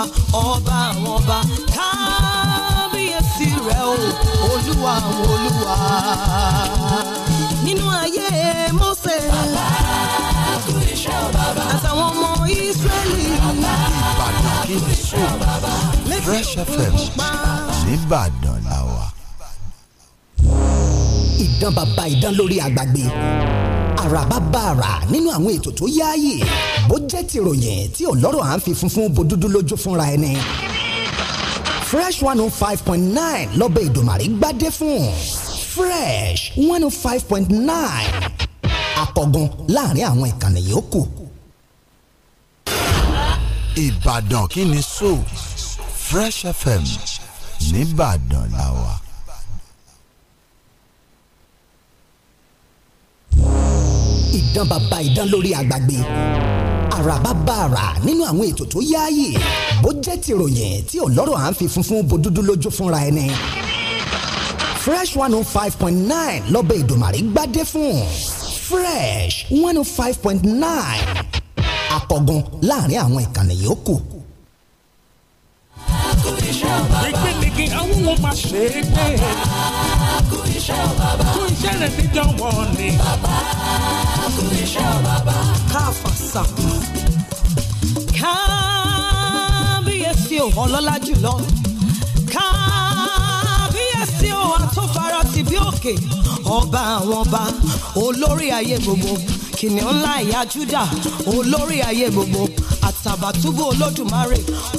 ọba àwọn ọba kábíyèsí rẹ̀ o olúwa àwọn olúwa. nínú ayé Mósè. bàbá kú iṣẹ́ o bàbá. àtàwọn ọmọ Ísírẹ́lì. bàbá kú iṣẹ́ o bàbá. Fresh FM nìbàdàn làwà. ìdán bàbá ìdán lórí àgbàgbé àràbà nínú àwọn ètò tó yáàyè bó jẹ́ tìròyìn tí ò à ń fi funfun bo dúdú lójú fúnra ẹni fresh one oh five point nine lọ́bẹ̀ ìdòmàrí gbádé fún fresh one oh five point nine akọgun láàrin àwọn ìkànnì yòókù. ìbàdàn kí ni so fresh fm nìbàdàn làwà. ìdán bàbá ìdán lórí àgbàgbé àràbá bá àrà nínú àwọn ètò tó yáàyè bó jẹ́ tìròyìn tí ọlọ́rọ̀ à ń fi funfun bo lójú fúnra ẹni fresh one oh five point nine lọ́bẹ̀ ìdòmàrí gbádé fún fresh one oh five point nine àkọ́gun láàrin àwọn ìkànnì yòókù kú iṣẹ́ o bàbá. ìpínlẹ̀kì àwọn ohun máa ṣe é gbé. bàbá kú iṣẹ́ o bàbá. kú iṣẹ́ rẹ̀ níjọ wọlé. bàbá kú iṣẹ́ o bàbá. káfa sàkó. kábíyèsí ò ọlọ́lá jùlọ. kábíyèsí ò àtúnfara ti bí òkè. ọba àwọn ọba olórí ayé gbogbo kìnìún ńlá ìyá Júdà olórí ayé gbogbo àtàbàtúbù olódùmarè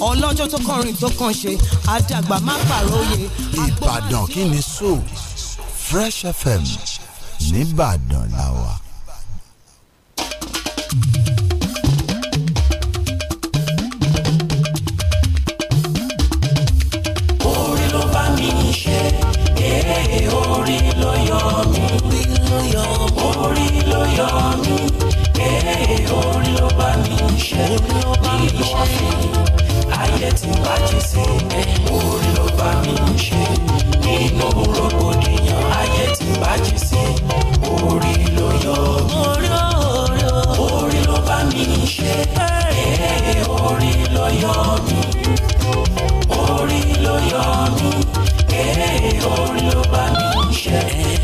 ọlọ́jọ́ tó kọrin tó kàn ṣe àdàgbà má pàròyè. Ìbàdàn kí ni so Fresh FM nìbàdàn làwà. orí ló bá mi ṣe èé eh, orí ló yọ mí ló yọ mí. orí ló yọ mí. ee orí ló bá mi ṣe. orí ló bá mi ṣe. ayé ti bàjẹ́ sí i. orí ló bá mi ṣe. nínú rògbòdìyàn ayé ti bàjẹ́ sí i. orí ló yọ mí. orí orí orí ló bá mi ṣe. orí ló yọ mí. orí ló yọ mí. orí ló bá mi ṣe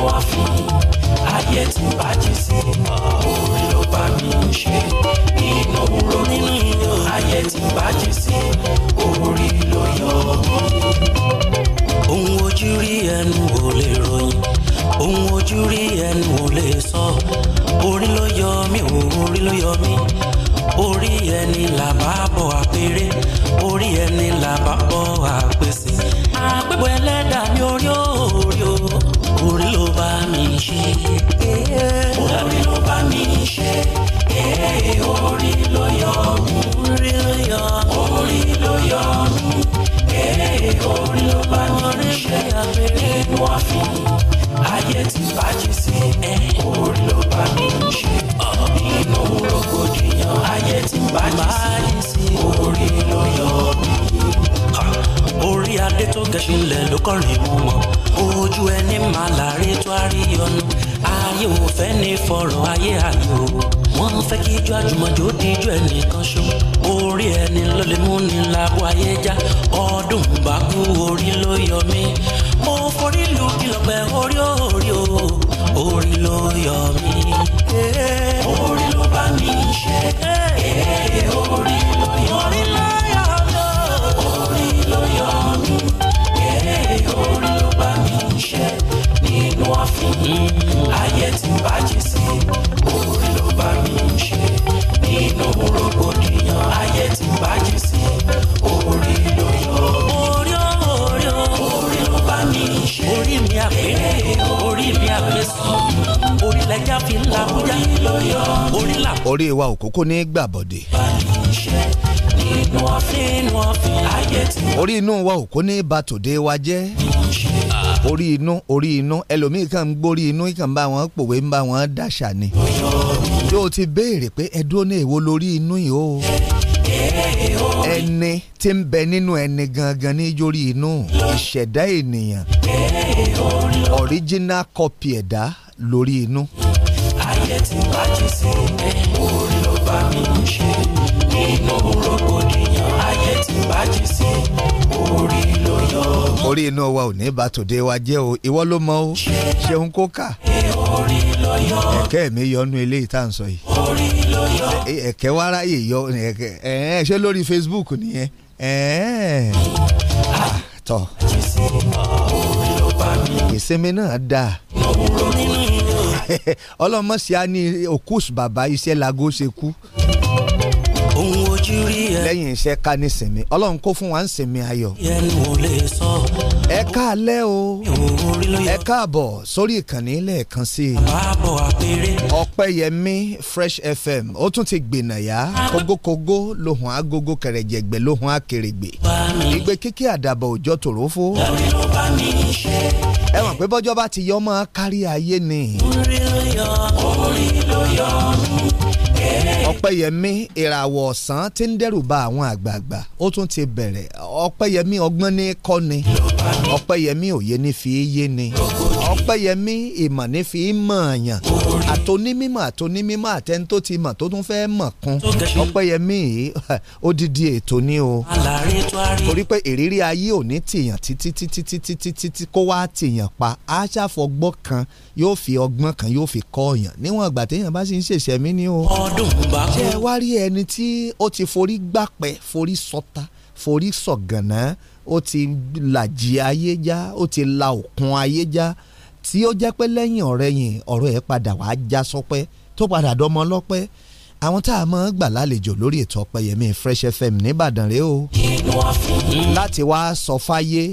nínú ààfin ayé ti bàjẹ́ sí orí ló bá mi ṣe nínú òwúrọ̀ nínú iyàn ayé ti bàjẹ́ sí orí ló yọ mí. ohun ojú rí ẹnu ò lè ròyìn ohun ojú rí ẹnu ò lè sọ orí ló yọ mí orí ló yọ mí orí ẹni làbá bọ̀ àpèrè orí ẹni làbá bọ̀ àpèsè àpèbọ̀ ẹlẹ́dàá ní orí òòrí o orí ló bá mi ṣe orí ló bá mi ṣe orí ló yọ mí orí ló yọ orí ló yọ mí orí ló bá mi ṣe nínú ọ̀fìn ayé ti bàjẹ́ sí orí ló bá mi ṣe nínú rògbòdìyàn ayé ti bàjẹ́ sí orí ló yọ mí adé tó gẹṣin lẹ̀ ló kọrin mú wọn ojú ẹni máa láre tó a rí ọnu ayé ò fẹ́ ní fọ̀rọ̀ ayé àlò wọ́n fẹ́ kí ijó àjùmọ̀jó díjú ẹnìkan ṣó orí ẹni ló lè mú ni lábọ́ ayé já ọdún bá kú orí ló yọ mí mo forí lu kìlọ̀pẹ̀ orí orí o orí ló yọ mí orí ló bá mi ṣe orí ló yọ mí. ayé ti bàjẹ́ sí oore ló bá mi ṣe nínú rògbòdìyàn ayé ti bàjẹ́ sí oore ló yọ. orí orí orí ló bá mi ṣe. orí mi àpé orí mi àpé sí orí lẹjà fi ń la kújà orí là. orí wa òkókó ní gbàbọ̀dé. orí inú wa òkó ní bàtòdé wa jẹ́ orí inú orí inú ẹlòmíì kan ń gbórí inú ìkàn bá wọn pòwe ń bá wọn dàṣà ni yóò ti béèrè pé ẹdúró ní èwo lórí inú yìí o ẹni tí ń bẹ nínú ẹni gangan ní yorí inú ìṣẹ̀dá ènìyàn original copy ẹ̀dá lórí inú. ayé tí bájú sí orí ló bá mi ń ṣe nínú rògbòdìyàn ayé tí bájú sí orí ló orí inú wa ò ní bá tòde wa jẹ́ o ìwọ ló mọ o ṣeun kó kà ẹ̀kẹ́ mi yọnu ilé ìta ń sọ yìí ẹ̀kẹ́ wa ráyè yọ ẹ̀ẹ́n ṣé lórí Facebook nìyẹn ẹ̀ẹ́n ah, tọ́ ìsinmi náà dáa ọlọ́mọ sí a ní òkúùsù bàbá iṣẹ́ lago ṣe kú fojú rí ẹ. lẹ́yìn iṣẹ́ ká ní sinmi ọlọ́run kó fún wa ń sinmi ayọ̀. ẹ káalẹ́ o ẹ káàbọ̀ sórí ìkànnì lẹ́ẹ̀kan sí i. ọ̀pẹ̀yẹmí fresh fm ó tún ti gbìnàyà kógókógó lóhùn agogo kẹrẹ̀jẹ̀gbẹ̀ lóhùn akèrègbè ìgbé kíkí àdàbọ̀ òjò tòrófó. ẹ mọ̀ pé bọ́jọ́ bá ti yọ ọmọ kárí ayé ni. orí ló yọ orí ló yọ ọpẹ́yẹmí ìràwọ̀ ọ̀sán tí ń dẹ́rù bà àwọn àgbààgbà ó tún ti bẹ̀rẹ̀ ọpẹ́yẹmí ọgbọ́n ní kọ́ni ọpẹ́yẹmí òye ní fi yé ni. Ọpẹ́yẹmí ìmọ̀ ní fi mọ̀ yàn àtònímímọ̀ àtònímímọ̀ àtẹni ti mọ̀ tó tún fẹ́ mọ̀ kún Ọpẹ́yẹmí odidi ètò ni o torí pé ìrírí ayé ò tìyàn títí títí títí títí tí kó wá tìyàn pa aṣàfọgbọ́n kan yóò fi ọgbọ́n kan yóò fi kọ́ ọ̀yàn níwọ̀n ìgbà téèyàn bá sì ń ṣèṣẹ́mí ni o ṣé ẹ wá rí ẹni tí ó ti forí gbàpẹ́ forí sọta forí sọ̀gànná ó ti làjì ayé já ó ti la òkun ayé já tí ó jẹ́ pé lẹ́yìn ọ̀rẹ́ yìn ọ̀rọ̀ ẹ̀ padà wàá já sọpẹ́ tó padà dọ́mọ lọ́pẹ́ àwọn tá a mọ̀ gbà lálejò lórí ètò ọ̀pẹ̀yẹmí Fresh FM nìbàdàn rèé o láti wá sọ fáyé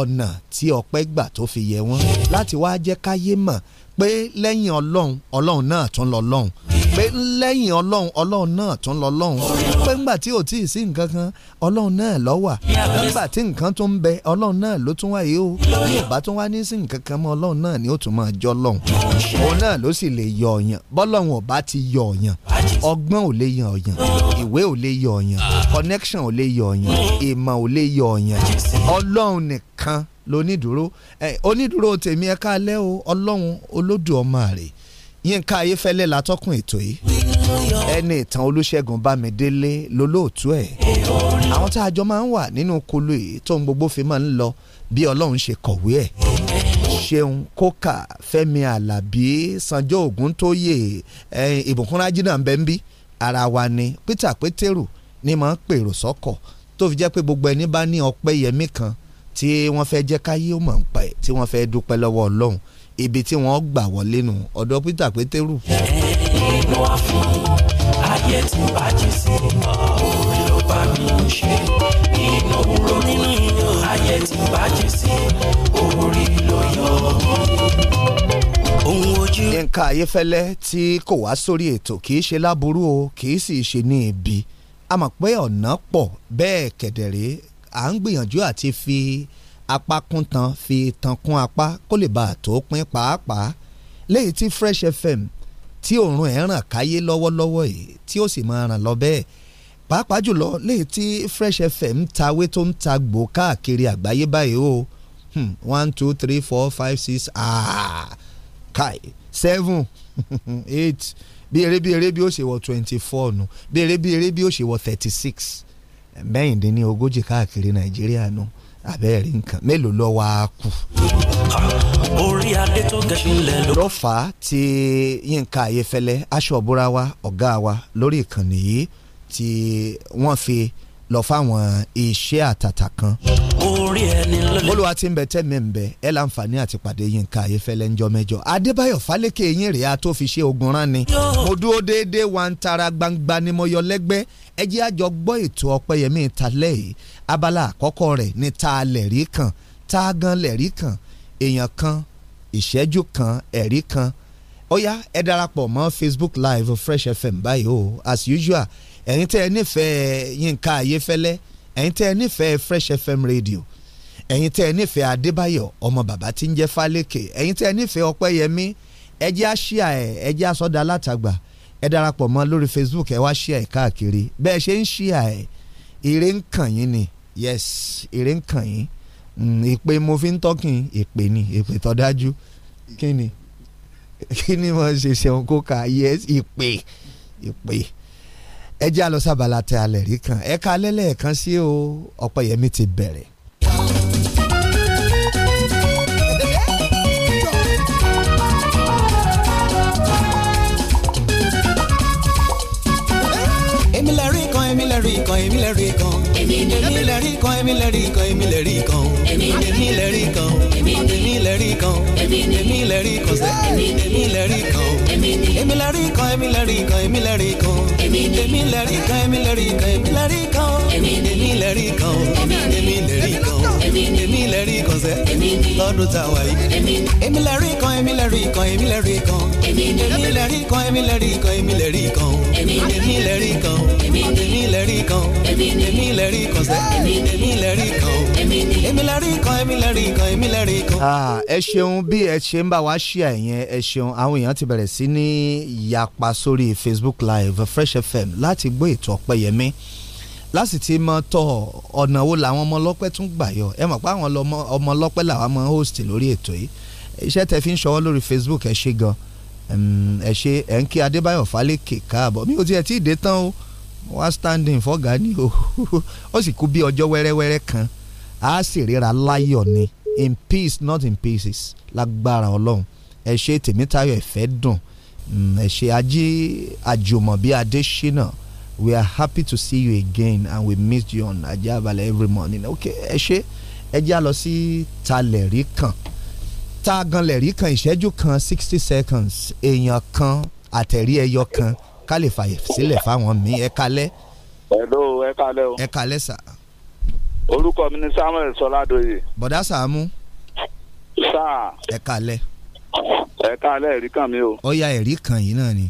ọ̀nà tí ọ̀pẹ́ gbà tó fi yẹ wọ́n láti wá jẹ́ káyé mọ̀ pé lẹ́yìn ọlọ́run ọlọ́run náà tún lọ lọ́run pé lẹ́yìn ọlọ́run ọlọ́run náà tún lọ lọ́run pé ńgbà tí ò tí ì sí nǹkan kan ọlọ́run náà lọ wà nígbà tí nǹkan tó ń bẹ ọlọ́run náà ló tún wáyé o bí ò bá tún wá ní sí nǹkan kan mọ́ ọlọ́run náà ni ó tún máa jọ lọ́run òun náà ló sì lè yọ ọ̀yàn bọ́lọ́run ò bá ti yọ ọ̀yàn ọgbọ́n ò lè yọ ọ̀yàn ìwé ò lè yọ ọ̀yàn connection ò lè yọ ọ̀yàn ìmọ̀ ò lè yọ ọ̀yàn ọlọ́run nìkan lónídùúró onídùúró tèmi ẹ káalẹ́ o ọlọ́run olódùmarè yínká ayéfẹ́lẹ́ látọ́kùn ètò yìí ẹni ìtàn olúṣẹ́gun bámidélé lólóòtú ẹ̀ àwọn tá a jọ máa ń wà nínú kolo yìí tó ń gbogbo fi máa ń lọ bí ọlọ́run ṣe kọ̀wé ẹ̀ ṣeun kókà fẹ́mi alábí sanjó ògúntóyè ìbùkúnrájí náà ń bẹ ń bí ara wa ni peter pétérù ni máa ń pèrò sọ́kọ̀ tó fi jẹ́ pé gbogbo ẹni bá ní ọpẹ́ yẹmí kan tí wọ́n fẹ́ jẹ́ káyé ó mọ̀ ń pa tí wọ́n fẹ́ dúpẹ́ lọ́wọ́ ọlọ́run ibi tí wọ́n gbà wọlé nù ọ̀dọ̀ Peter Pétérù. nínú àfún ayé tí bàjẹ́ sí orí ló bá mi ń ṣe nínú òwúrọ̀ nínú ayé tí bàjẹ́ sí orí ló yọ ohun ojú. nǹkan ayéfẹ́lẹ́ tí kò wá sórí ètò kì í ṣe láburú o kì í sì ṣe ní ibi a mọ̀ pé ọ̀nà pọ̀ bẹ́ẹ̀ kẹ̀dẹ̀rẹ́ à ń gbìyànjú àti fi apá kún tan fi tan kún apá kó lè bá a tó pín pàápàá léyìí tí Fresh FM tí òórùn ẹ̀ ràn káyé lọ́wọ́lọ́wọ́ yìí tí ó sì máa ràn lọ bẹ́ẹ̀ pàápàá jùlọ léyìí tí Fresh FM ń tawé tó ń ta gbò káàkiri àgbáyé báyìí o hmm, one two three four five six ah, kai seven eight bí eré bí eré bí ó ṣe wọ twenty four nu bí eré bí eré bí ó ṣe wọ thirty six mẹ́yìndínlógójì káàkiri Nàìjíríà nu. No abẹ́rẹ́ nǹkan mélòó ló wá kù. orí adé tó gẹ̀ṣin lẹ̀ ló. lọ́fà tí Yínká Ayéfẹ́lẹ́ aṣọ òbúra wa ọ̀gá wa lórí ìkànnì yìí tí wọ́n fi lọ fáwọn iṣẹ́ àtàtà kan lórí ẹni lólè. olúwa ti ń bẹ tẹ́mi ń bẹ ẹ láǹfààní àti pàdé Yínká Ayéfẹ́lẹ́ ńjọ́ mẹ́jọ Adébáyọ̀ Fálékè yín rèé a tó fi ṣe ogun rán ni mo dúró déédéé wa ń tara gbangba ni mo yọ lẹ́gbẹ́ ẹ jẹ́ àjọ gbọ́ ètò Ọpẹ́yẹmí ìtàlẹ́ yìí abala àkọ́kọ́ rẹ̀ ni ta lẹ̀rí kan ta gan lẹ̀rí kan èèyàn kan ìṣẹ́jú kan ẹ̀rí kan ó ẹ darapọ̀ mọ́ Facebook live Fresh FM báyìí o as usual ẹ̀yin tẹ́ ẹ nífẹ̀ẹ́ Yínká Ayéfẹ́lẹ́ ẹ̀yin tẹ́ ẹ nífẹ̀ẹ́ Fresh FM radio ẹ̀yin tẹ́ ẹ nífẹ̀ẹ́ Adébáyọ̀ ọmọ bàbá tí ń jẹ́ Fálékè ẹ̀yin tẹ́ ẹ nífẹ̀ẹ́ Ọpẹ́yẹmí ẹ jẹ́ á ṣíà ẹ̀ ẹ jẹ́ á ẹ darapọ̀ mọ́ lórí Facebook ẹ wá ṣíà ẹ̀ káàkiri bẹ́ẹ̀ ṣe ń ṣíà ẹ̀ ire ń kàn yín ni yes ire ń kàn yín hmm, ìpè mo fi ń tọ́kìn ìpè ni ìpè tó dájú kí ni kí ni mo ṣe ṣeun kó ka yes ìpè ìpè ẹ jẹ́ á lọ sábàlá tẹ alẹ̀ rí kan ẹ̀ka alẹ́lẹ̀ kan sí o Ọpẹ́yẹmí ti bẹ̀rẹ̀ kan èmi lẹ́rìí kan èmi lè rí kan èmi lè rí kan èmi lè rí kan èmi lè rí kan èmi lè rí kan èmi lè rí kan sẹ́ èmi lè rí kan èmi lè rí kan èmi lè rí kan èmi lè rí kan èmi lè rí kan èmi lè rí kan èmi lè rí kan èmi lè rí kan èmi lè rí kan èmi lè rí kan sẹ́ lọ́dún tá a wà yìí èmi lè rí kan èmi lè rí kan èmi lè rí kan èmi lè rí kan èmi lè rí kan èmi lè rí kan èmi lè rí kan èmi lè rí kan èmi lè rí kan lẹ́rìí kan sẹ́ èmi lẹ́rìí kan o èmi lẹ́rìí ah, ẹ ṣeun bí ẹ ṣe ń bá wa ṣí àyẹn ẹ ṣeun àwọn èèyàn ti bẹ̀rẹ̀ sí ní yapa sórí Facebook Live Fresh FM láti gbọ́ ètò Ọpẹ́yẹmí láti ti mọ tọ ọ̀nà wo làwọn ọmọ ọlọ́pẹ́ tún gbà yọ ẹ mọ̀ pé àwọn ọmọ ọlọ́pẹ́ làwọn máa host lórí ètò yìí iṣẹ́ tẹ fi ń ṣọwọ́ lórí Facebook ẹ ṣe gan ẹ ṣe ẹ ń kí Adébáyọ̀ Fálékè káàbọ̀ mi ò tiẹ̀ tí ì dé tán o wá standing fọ́gà ni o ó sì kú bí ọjọ́ wẹ́rẹ́wẹ́rẹ́ kan a sì ríra láyọ̀ ni in peace not in pieces lágbára ọlọ́run ẹ ṣe tèmítayọ̀ ẹ̀fẹ́ dùn mm, ẹ ṣe ajé àjùmọ̀bí adésínà we are happy to see you again and we miss you on Ajaabale every morning okay ẹ ṣe ẹ já lọ sí talẹ̀rí kan tá a gan lẹ̀rí kan ìṣẹ́jú kan sixty seconds èèyàn kan àtẹ̀rí ẹyọ kan. Okay ká lè fàyè sílẹ̀ fáwọn míì ẹ kalẹ́. hello ẹ kalẹ́ o. ẹ kalẹ́ sà. orúkọ mi ni Samuel Sọládòye. bọ̀dá Sàámú. sáà. ẹ kalẹ́. ẹ kalẹ́ ẹ̀rí kan mi o. ó yá ẹ̀rí kan yìí náà ni.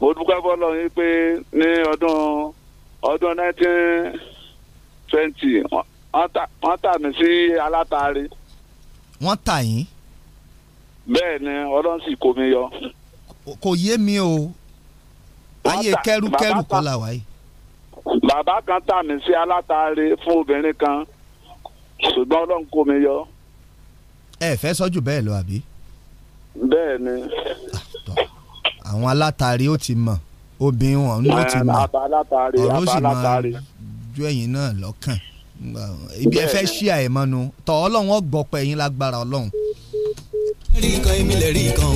mo dúpẹ́ fọlọ́ yín pé ní ọdún ọdún nineteen twenty wọ́n tà mí sí alátaari. wọ́n tà yín. bẹ́ẹ̀ ni ọlọ́run sì kó mi yọ. kò yé mi o ayé kẹrùkẹrù kọ́ làwa yìí. bàbá kan tà mí sí alátaare fún obìnrin kan ṣùgbọ́n ọlọ́run kò mi yọ. ẹ fẹ́ sọ́jú bẹ́ẹ̀ lọ àbí. bẹ́ẹ̀ ni. Ah, àwọn alátaare ó ti mọ̀ obìnrin wọn ló ti mọ̀ ọ̀rọ̀ sì máa ju ẹ̀yìn náà lọ́kàn ibi ẹ fẹ́ ṣí àìmọ́nu tọ́ ọlọ́run ọgbọ́pẹ́ yín lágbára ọlọ́run rí kan èmi lè rí kan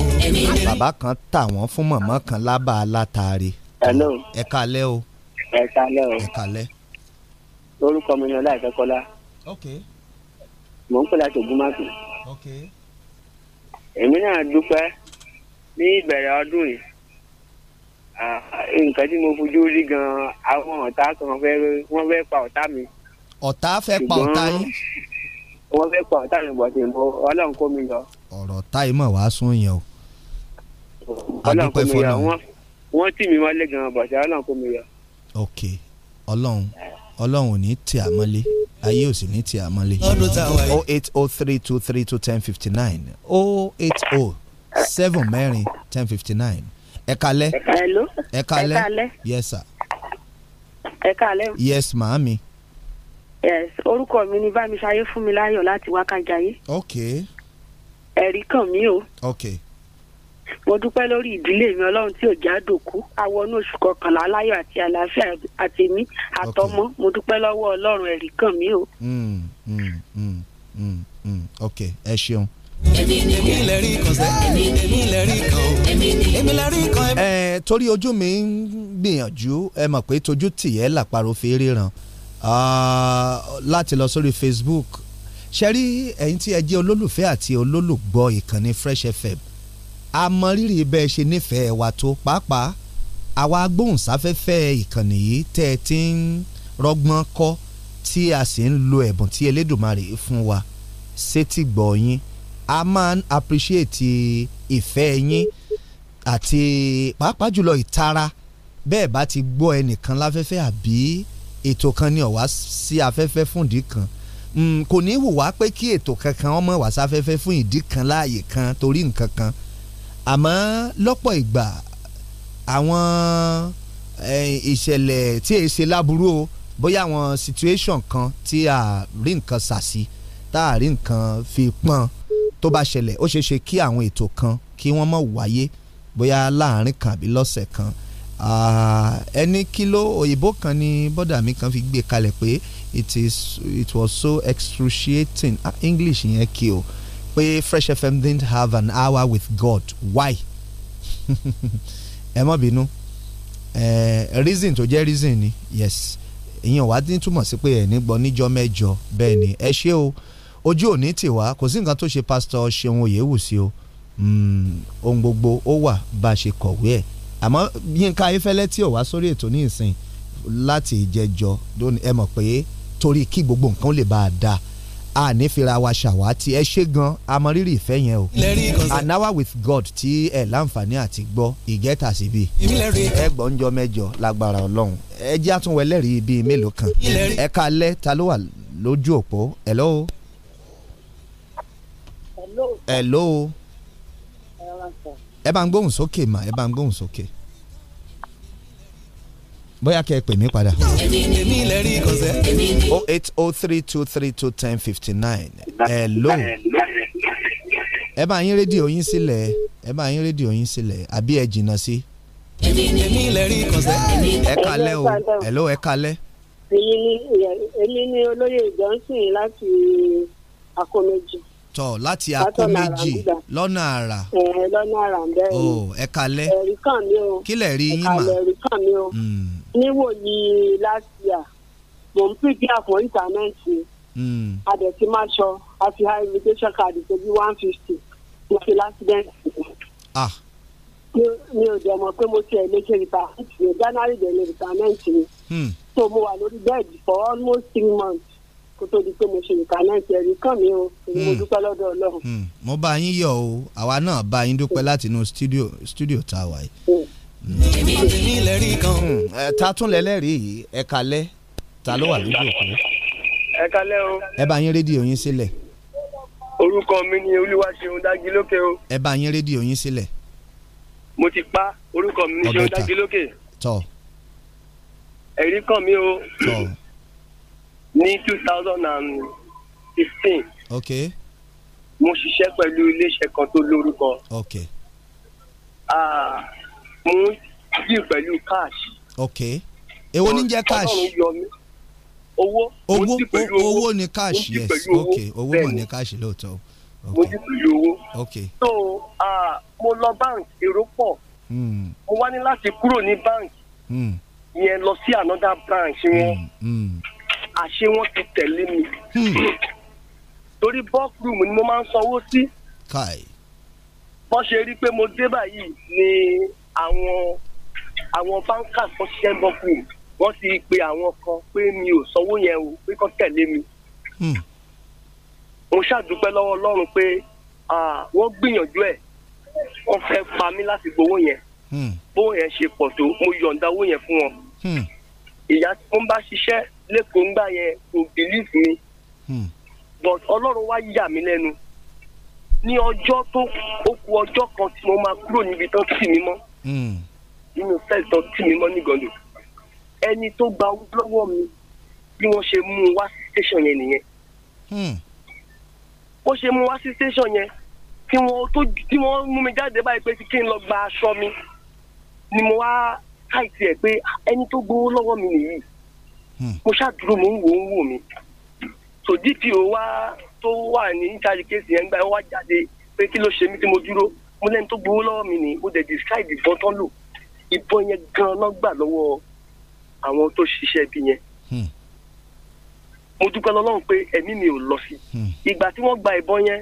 bàbá kan tà wọ́n fún mọ̀mọ́ kan lába látàrí. hello. ẹ kalẹ́ o. ẹ kalẹ́ o. ẹ kalẹ́. orúkọ mi ni ọláìfẹ́ kọ́lá. mò ń pè láti ògúnmáàkì. èmi náà dúpẹ́ ní ìbẹ̀rẹ̀ ọdún yìí nǹkan tí mo fojú rí gan-an àwọn ọ̀tá kan wọ́n fẹ́ pa ọ̀tá mi. ọ̀tá fẹ́ pa ọ̀tá yín. wọ́n fẹ́ pa ọ̀tá mi bọ̀ sí mo ọlọ́run kó mi lọ ọ̀rọ̀ táì mọ̀ wá sún yẹn o. adúpẹ́ fọlọ́ wọ́n tì mí mọ́lẹ̀ gan-an bàṣẹ ọlọ́run kò mi yà. ok ọlọ́run ọlọ́run ò ní tì á mọ́lé ayé ò sì ní tì á mọ́lé. oh eight o oh three two three two ten fifty nine O oh eight o oh seven mẹ́rin ten fifty nine ẹ kalẹ́. hello ẹ kalẹ́ yes sir. ẹ kalẹ́. yes maami. yes orúkọ mi ni bámisáyé fún mi láyọ̀ láti wákàjáyé. okay ẹ̀rí kàn mí o. okay mo dúpẹ́ lórí ìdílé mi ọlọ́run tí ò já dòkú àwọn oṣù kọkànlá láyọ̀ àti àlàáfíà àtèmi àtọmọ mo dúpẹ́ lọ́wọ́ ọlọ́run ẹ̀rí kàn mí o. Hmm, hmm, hmm, ok ẹ ṣeun. èmi lè rí kan sẹ́ èmi lè rí kan o èmi lè rí kan. ẹ torí ojú mi ń gbìyànjú ẹ mọ̀ pé tójú tìyẹ́ làpàrọ̀ fi ríran ah, láti lọ sórí Facebook ṣẹ́rí ẹ̀yin tí ẹ jẹ́ olólùfẹ́ àti olólùgbọ́ ìkànnì Fresh FM a mọ rírì bẹ́ẹ̀ ṣe nífẹ̀ẹ́ wa tó pàápàá àwa agbóhùnsáfẹ́fẹ́ ìkànnì yìí tẹ́ ẹ ti ń rọgbọ́n kọ́ tí a sì ń lo ẹ̀bùn tí Elédùmarè fún wa sétí gbọ́ yín a máa ń appreciate ìfẹ́ yín àti pàápàá jùlọ ìtara bẹ́ẹ̀ bá ti gbọ́ ẹnìkan láfẹ́fẹ́ àbí ètò kan ní ọ̀wá sí afẹ́fẹ́ fúndì kan Mm, kò ní wù wá pé kí ètò kankan ọmọ wà sáfẹ́fẹ́ fún ìdí kan láàyè kan torí nǹkan kan àmọ́ lọ́pọ̀ ìgbà àwọn ìṣẹ̀lẹ̀ tí èyí ṣe láburú o bóyá àwọn situation kan tí a rí nǹkan ṣàṣì tá a rí nǹkan fi pọ́n tó bá ṣẹlẹ̀ ó ṣeé ṣe kí àwọn ètò kan kí wọ́n má wáyé bóyá láàárín kan àbí lọ́sẹ̀ kan ẹni kí ló òyìnbó kan ni bọ́dà mi kan fi gbé kalẹ̀ pé it is it was so excruciating ah, english in kí o fresh fm didn't have an hour with god why ẹ mọ̀ bínú reason to jẹ́ reason ni yes ìyẹn wàá ní túmọ̀ sí pé ẹ̀ ní gbọ́ níjọ́ mẹ́jọ bẹ́ẹ̀ ni ẹ ṣé o ojú òní tiwa kò sí nǹkan tó ṣe pásítọ̀ Ṣeun Oyèwùsì o hmm, ohun gbogbo ó wà bá a ṣe kọ̀wé ẹ̀ àmọ́ Yínká Ayéfẹ́lẹ́ tí ò wá sórí ètò ní ìsìn láti ìjẹjọ ẹ mọ̀ pé torí kí gbogbo nǹkan lè bá a da a nífira wa ṣàwátì ẹ ṣe gan amọrírì ìfẹ́ yẹn o an with God tí ẹ láǹfààní àti gbọ́ ìgẹ́ta síbi ẹ gbọ́njọ mẹ́jọ lágbára ọlọ́run ẹ jẹ́ àtúnwẹ̀ lẹ́rìí bíi mélòó kan ẹ ká lẹ́ ta ló wà lójú òpó hello. hello. hello. ẹ bá ń gbóhùn sókè mà ẹ bá ń gbóhùn sókè. bóyá kẹ́ ẹ pè mí padà. èmi lè rí ìkọ̀sẹ́. oh eight oh three two three two ten fifty nine hello. ẹ bá yín rédíò yín sílẹ̀ ẹ bá yín rédíò yín sílẹ̀ àbí ẹ jìnnà sí. èmi o hello ẹ kalẹ́. èmi ni olóyè johnson láti akomeji. tọ láti akomeji ń oh, ẹ kalẹ́. kan mi o. kílẹ̀ rí yín mà. kan mi o. Hmm. níwòyí last year mò ń pìgì àpò íńtánẹ́ẹ̀tì hmm. adẹ̀tí máṣọ àti high invitation card tó bí one fifty mo fi lásìdẹ́ǹtì ah. mi ò dẹ̀ mọ̀ pé mo ti ẹ̀ léṣe retirement ní january dẹ̀ lè retirement hmm. so mo wà lórí bẹ́ẹ̀dì for almost three months kó tó di pé mo ṣe retirement ẹ̀rí kàn mí o èyí mo hmm. dúpẹ́ lọ́dọ̀ ọlọ́run. mo bá yín yọ̀ o àwa náà bá yín dúpẹ́ láti inú studio tá a wà yìí èmi lẹ́rìí kan. Hmm, ta tún lẹ́lẹ́rìí yìí ẹ kalẹ́ ta ló wà lójú òkú. ẹ kalẹ́ o. ẹ bá yín rédíò yín sílẹ̀. orúkọ mi ni Olúwaṣeun Dágilókè o. ẹ bá yín rédíò yín sílẹ̀. mo ti pa orúkọ mi ni Ṣeun Dágilókè. tọ. ẹ̀rí kan mi o. tọ. ní two thousand and fifteen. ok. mo ṣiṣẹ́ pẹ̀lú iléeṣẹ́ kan tó lórúkọ. ok. Ah mò ń pẹ̀lú cash. ok èwo ní jẹ́ cash. owó owó owó ni cash yes ok owó mọ̀ ní cash lóòótọ́. mo ti pẹ̀lú owó. ok so mo lọ bank èrò pọ̀ hmm. mo wá ní láti kúrò ní bank hmm. yẹn lọ sí another branch wọn hmm, àṣé wọn ti tẹ̀lé mi torí box room ni mo máa ń sanwó sí bọ́n ṣe rí i pé mo dé báyìí ni àwọn àwọn báńkà tó ṣiṣẹ́ bọ́kù wọ́n ti pe àwọn kan pé mi ò sanwó yẹn o pé kán tẹ̀lé mi. Hmm. mo ṣàdúpẹ́ lọ́wọ́ ọlọ́run pé wọ́n gbìyànjú ẹ̀ wọ́n fẹ́ pa mí láti gbowó yẹn hmm. bówó yẹn ṣe pọ̀ tó mo yọ̀ǹda owó yẹn fún wọn. Hmm. ìyá tí wọ́n bá ṣiṣẹ́ lẹ́kọ̀ọ́ ń gbà yẹn kò bìlíf mi but ọlọ́run wá yà mí lẹ́nu ní ọjọ́ tó ó ku ọjọ́ kan tí mo máa kúrò níbi tán tì mí mọ́ Hmm. nínú fẹ́ẹ̀tọ́ tí mi mọ́ nígànnì ẹni tó gba lọ́wọ́ mi bí wọ́n ṣe mú un wá sí station yẹn nìyẹn hmm. bó ṣe mú un wá sí station yẹn tí wọ́n tó tí wọ́n mú mi jáde báyìí pé kí n lọ gba aṣọ mi ni mo wá káìtì ẹ̀ pé ah, ẹni tó gbowó lọ́wọ́ mi nìyí hmm. mo ṣàdúró mo ń wò ń wò mí so dpo wa tó wà ní ìtajì kéèsì yẹn gbà wá jáde pé kí ló ṣe mí tí mo dúró mo lẹ́ni tó gbowó lọ́wọ́ mi ni ó dẹ̀ describe ìbọn tán lò ìbọn yẹn gan ló gbà lọ́wọ́ àwọn tó ṣiṣẹ́ ibi yẹn hmm. mo dúpẹ́ lọ́lọ́run pé ẹ̀mí mi ò lọ sí hmm. ìgbà tí wọ́n gba ìbọn yẹn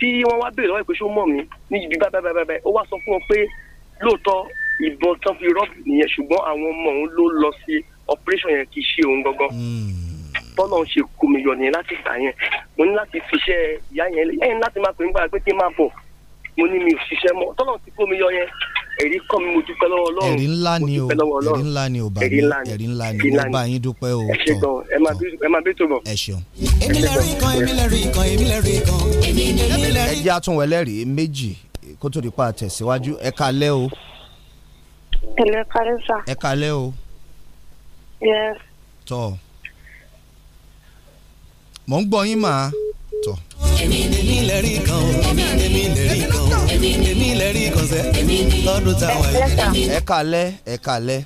tí wọ́n wá béèrè lọ́wọ́ ìpèsè ó mọ̀ mí ní ibi báyìí báyìí báyìí ó wá sọ fún wọn pé lóòótọ́ ìbọn tán fi rọ́ọ̀bù nìyẹn ṣùgbọ́n àwọn ọmọ òun ló lọ sí operation yẹn kì í ṣe òun gangan tọ́nà hmm. ṣe kùmìyàn nìyẹn láti gbà yẹn mo ní láti fiṣẹ́ ìyá yẹn lẹ́yìn láti máa pè ń gbà pé kí n máa bọ̀ mo ní mi ò ṣiṣẹ́ mọ́ tọ́lọ́run ti kó mi yọ yẹn ẹ̀rí kọ́ mi mo dúpẹ́ lọ́wọ́ Ọlọ́run ẹ̀rí ńlá ni o ẹ̀rí ńlá ni o bàbá ẹ̀rí ńlá ni o bá yín dúpẹ́ o tọ̀ ẹ máa bí tó bọ̀. ẹ ṣeun. èmi lè rí kan èmi lè rí kan èmi lè rí èmi lè rí. ẹ jẹ́ àtúnwò ẹlẹ́rìí méjì kó tó di pa àtẹ̀síwájú ẹ kalẹ́ o. ẹ̀lẹ́ kalẹ́ sà. ẹ kalẹ́ o. yẹ. tọ́ mò ń gbọ́ yín màá èmi lè rí kan o èmi lè rí kan o èmi lè rí kan sẹ́ lọ́dún tá a wà yìí. ẹ kalẹ ẹ kalẹ.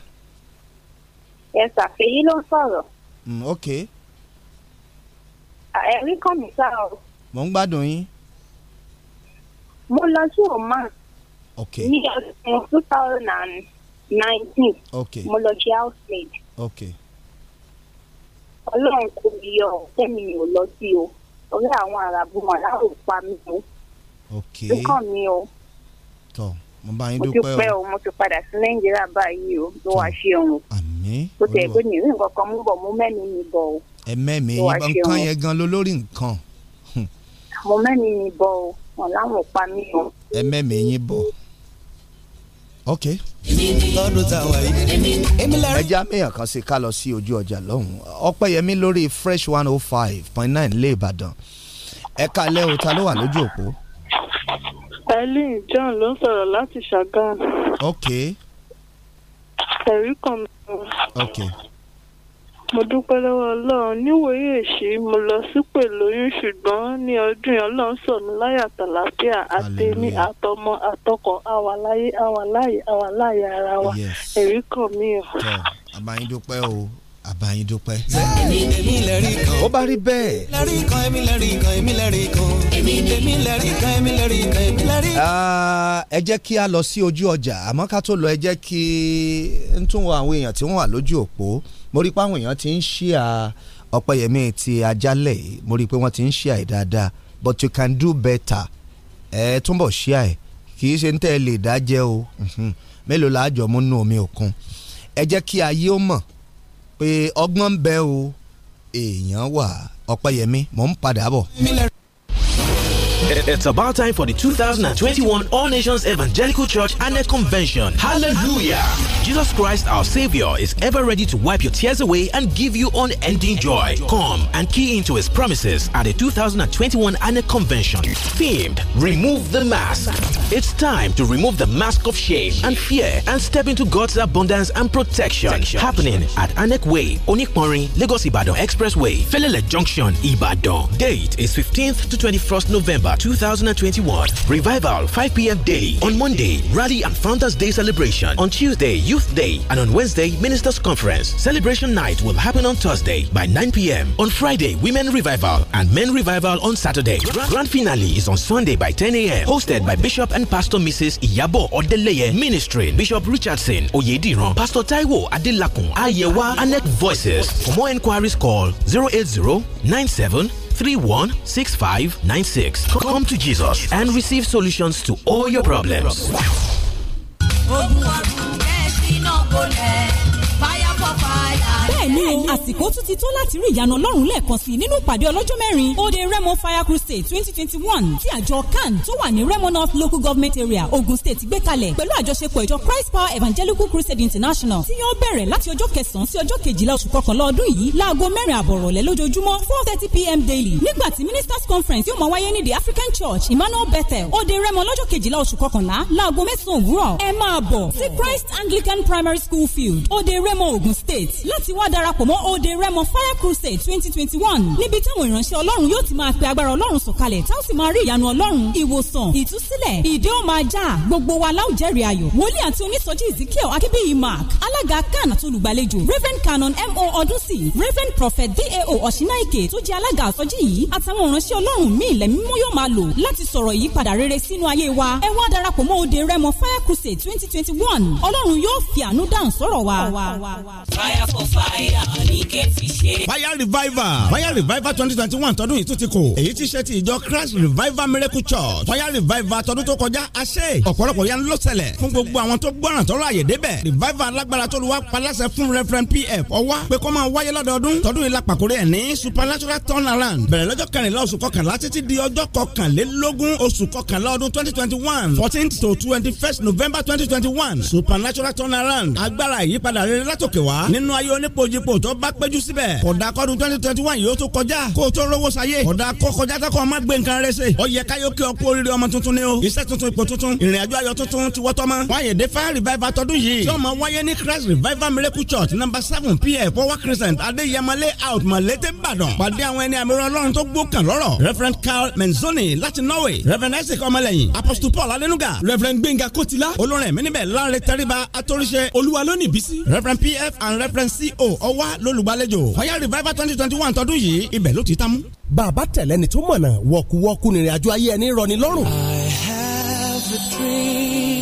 ẹ ṣàfihì ló ń sọ̀rọ̀. Mm, ok. ẹ̀rí kan mi sá o. mo ń gbádùn yín. mo lọ sí Oman. ní ọdún two thousand and nineteen. ok mo lọ ṣe housemaid. ok. ọlọ́run kò yọ fẹ́mi ò lọ sí o orí àwọn àràbù màlá ò pa mí o. ok nǹkan mi o. tọ mo bá yín dúpẹ́ o. mo ti pẹ́ o mo ti padà sí nàìjíríà báyìí o ló wá ṣe òun. àmín olùwà kò tẹ̀ pé mi rí nǹkan mú bọ̀ mú mẹ́mi mi bọ̀ o. ẹ mẹ́mi nǹkan yẹn gan ló lórí nǹkan. mo mẹ́mi mi bọ̀ o wọn láwọn pa mí o. ẹ mẹ́mi yín bọ̀ ok. lọ́dún tá a wà yìí. ẹja mẹ́yàn kan ṣe ká lọ sí ojú ọjà lọ́hùn-ún ọ̀pẹ́yẹmí lórí fresh one oh five point nine lé ìbàdàn ẹ̀ka alẹ́ o ta ló wà lójú òpó. eileen john ló ń sọ̀rọ̀ láti ṣàgámù. ok. ẹ̀rí kan mọ́. ok. okay mo dúpẹ́ lọ́wọ́ ọlọ́run níwòye èṣí mo lọ sípè lóyún ṣùgbọ́n ní ọdún yẹn ọlọ́run sọ mí láyà tàlàfíà àtẹ̀mí àtọmọ àtọkọ àwa láyé àwa láyé àwa láyé ara wa èrí kàn mí o. àbáyín dúpẹ́ o àbáyín dúpẹ́. èmi lè rí kan. ó bá rí bẹ́ẹ̀. lẹ́rí kan èmi lè kan èmi lè kan èmi lè kan èmi lè kan èmi lè kan. Ah, ẹ jẹ́ kí a lọ sí ojú ọjà àmọ́ ká tó lọ ẹ jẹ́ kí n tún wo àwọn èèyàn tí wọ́n wà lójú òpó mo rí i pé àwọn èèyàn ti ń ṣíà ọ̀pẹ̀yẹmí ti ajálẹ̀ yìí mo rí i pé wọ́n ti ń ṣíà ẹ̀ dáadáa but you can do better ẹ̀ eh, túnbọ̀ ṣíà ẹ̀ kì í ṣe ń tẹ́ ẹ lè dájẹ́ o mélòó la mú nù omi òkun ẹ jẹ́ kí ayé ó mọ̀ pé ọgbọ́n ń bẹ o èèyàn wà ọ̀pẹ̀yẹmí mò ń padà bọ̀. It's about time for the 2021 All Nations Evangelical Church Annual Convention. Hallelujah! Jesus Christ, our Savior, is ever ready to wipe your tears away and give you unending joy. Come and key into His promises at the 2021 Annual Convention. Themed Remove the Mask. It's time to remove the mask of shame and fear and step into God's abundance and protection. protection. Happening at Anek Way, Onikpori, Lagos Ibadan Expressway, Felele Junction, Ibadan. Date is 15th to 21st November 2021. Revival 5 p.m. Day on Monday, Rally and Founders Day celebration. On Tuesday, Youth Day. And on Wednesday, Ministers Conference. Celebration night will happen on Thursday by 9 p.m. On Friday, Women Revival and Men Revival on Saturday. Grand finale is on Sunday by 10 a.m. Hosted by Bishop and Pastor Mrs. Iyabo Odeleye Ministry. Bishop Richardson Oyediran. Pastor Taiwo Adelakun Ayewa Anek Voices. For more inquiries, call 080 97 316596. Come to Jesus and receive solutions to all your problems. fire for fire. bẹ́ẹ̀ni àsìkò tún ti tó láti rí ìyanu ọlọ́run lẹ́ẹ̀kan sí nínú ìpàdé ọlọ́jọ́ mẹ́rin òde remo fire crusade twenty twenty one tí àjọ can tó wà ní remo north local government area ogun state gbé kalẹ̀ pẹ̀lú àjọṣepọ̀ ìjọ christ power evangelical crusade international tí yóò bẹ̀rẹ̀ láti ọjọ́ kẹsàn-án sí ọjọ́ kejìlá oṣù kọkànlá ọdún yìí láago mẹ́rin àbọ̀rọ̀lẹ́ lójoojúmọ́ four thirty pm daily nígbà tí ministers conference yóò máa wáyé ní the african church emmanuel bethel òde remo lọ́jọ́ kejìlá oṣù kọkànlá láago mẹ́sàn-án òwúrọ̀ ẹ máa bọ̀ sí christ anglican primary school field òde remo ogun state láti wá dar darapọ̀ mọ́ ode remo fire crusade twenty twenty one níbi táwọn ìránṣẹ́ ọlọ́run yóò ti máa pe agbára ọlọ́run sọ̀kalẹ̀ tá ó sì máa rí ìyanu ọlọ́run ìwòsàn ìtúsílẹ̀ ìdè ó máa já gbogbo wa láwùjẹ́rì ayọ̀ wòlíì àti onísọjí ezekiel akínbíyì mark alága kan àti olùgbàlejò reverend canon mo ọdúnsì reverend prophet dao ọ̀ṣínáìkè tó jẹ́ alága àsọjí yìí àtàwọn ìránṣẹ́ ọlọ́run míì lẹ́mí mú yóò máa lò láti sọ̀rọ̀ ìyípadà rere sínú ayé wa fire crusade twenty twenty one ọlọ́run yóò fi fire revival fire revival twenty twenty one tọdún yìí tún ti kò èyí ti ṣe ti ìjọ christ revival miracle church fire revival tọdún tó kọjá àṣẹ ọ̀pọ̀lọpọ̀ yẹn ló ṣẹlẹ̀ fún gbogbo àwọn tó gbọ́ràn tọ́lọ́ àyè débẹ̀ revival alágbára tó lu wá paláṣẹ fún referent pf ọwá pé kó máa wáyé lọ́dọọdún tọdún yìí la pàkórí ẹ̀ ní supernatural turnaround bẹ̀rẹ̀ lọ́jọ́ kẹrìnlá oṣù kọkànlá títí di ọjọ́ kọkànlélógún oṣù kọkànlá ọdún twenty twenty one fourteen to twenty first november twenty twenty one supernatural turnaround agbára ìyípadà rere látòkè wá nínú ayé onípo yípo tó bá péjú síbẹ̀ kódà kọ́dún twenty twenty one yóò tó kọjá kó tó rówó sayé kódà kó kọjá tó kọ́ ọ má gbé nǹkan rẹ̀ ṣe ó yẹ káyọ̀ kí ọ kú oríire ọmọ tuntun ni o iṣẹ́ tuntun ipò tuntun ìrìnàjò ayọ̀ tuntun ti wọ́tọ́ mọ́ wáyéde fáà revival tọdún yìí tí ó máa wáyé ní Christ revival miracle church number seven pf power crescent adéyẹmọlé out malete Ìbàdàn pàdé àwọn ẹni àmì Ọlọ́run tó gbókàn lọ́rọ̀ reverend Carl Menzoni láti Norway reverend Isaac ọmọlẹ́yìn apostle Paul alenuga reverend Gbẹ̀ngà Kotila olórin ẹ̀mí níbẹ̀ Lanre Tẹ́ríba atóríṣe olúwa lónìí bísí pf and reverend co ọwá lólùgbàlejò ọ̀yá revival twenty twenty one tọdún yìí ibẹ̀ ló ti tán mú. bàbá tẹ̀lẹ́ni tó mọ̀nà wọ̀kúwọ́kú nìrìnàjò ayé ẹni rọ̀ ní lọ́rùn. I have a dream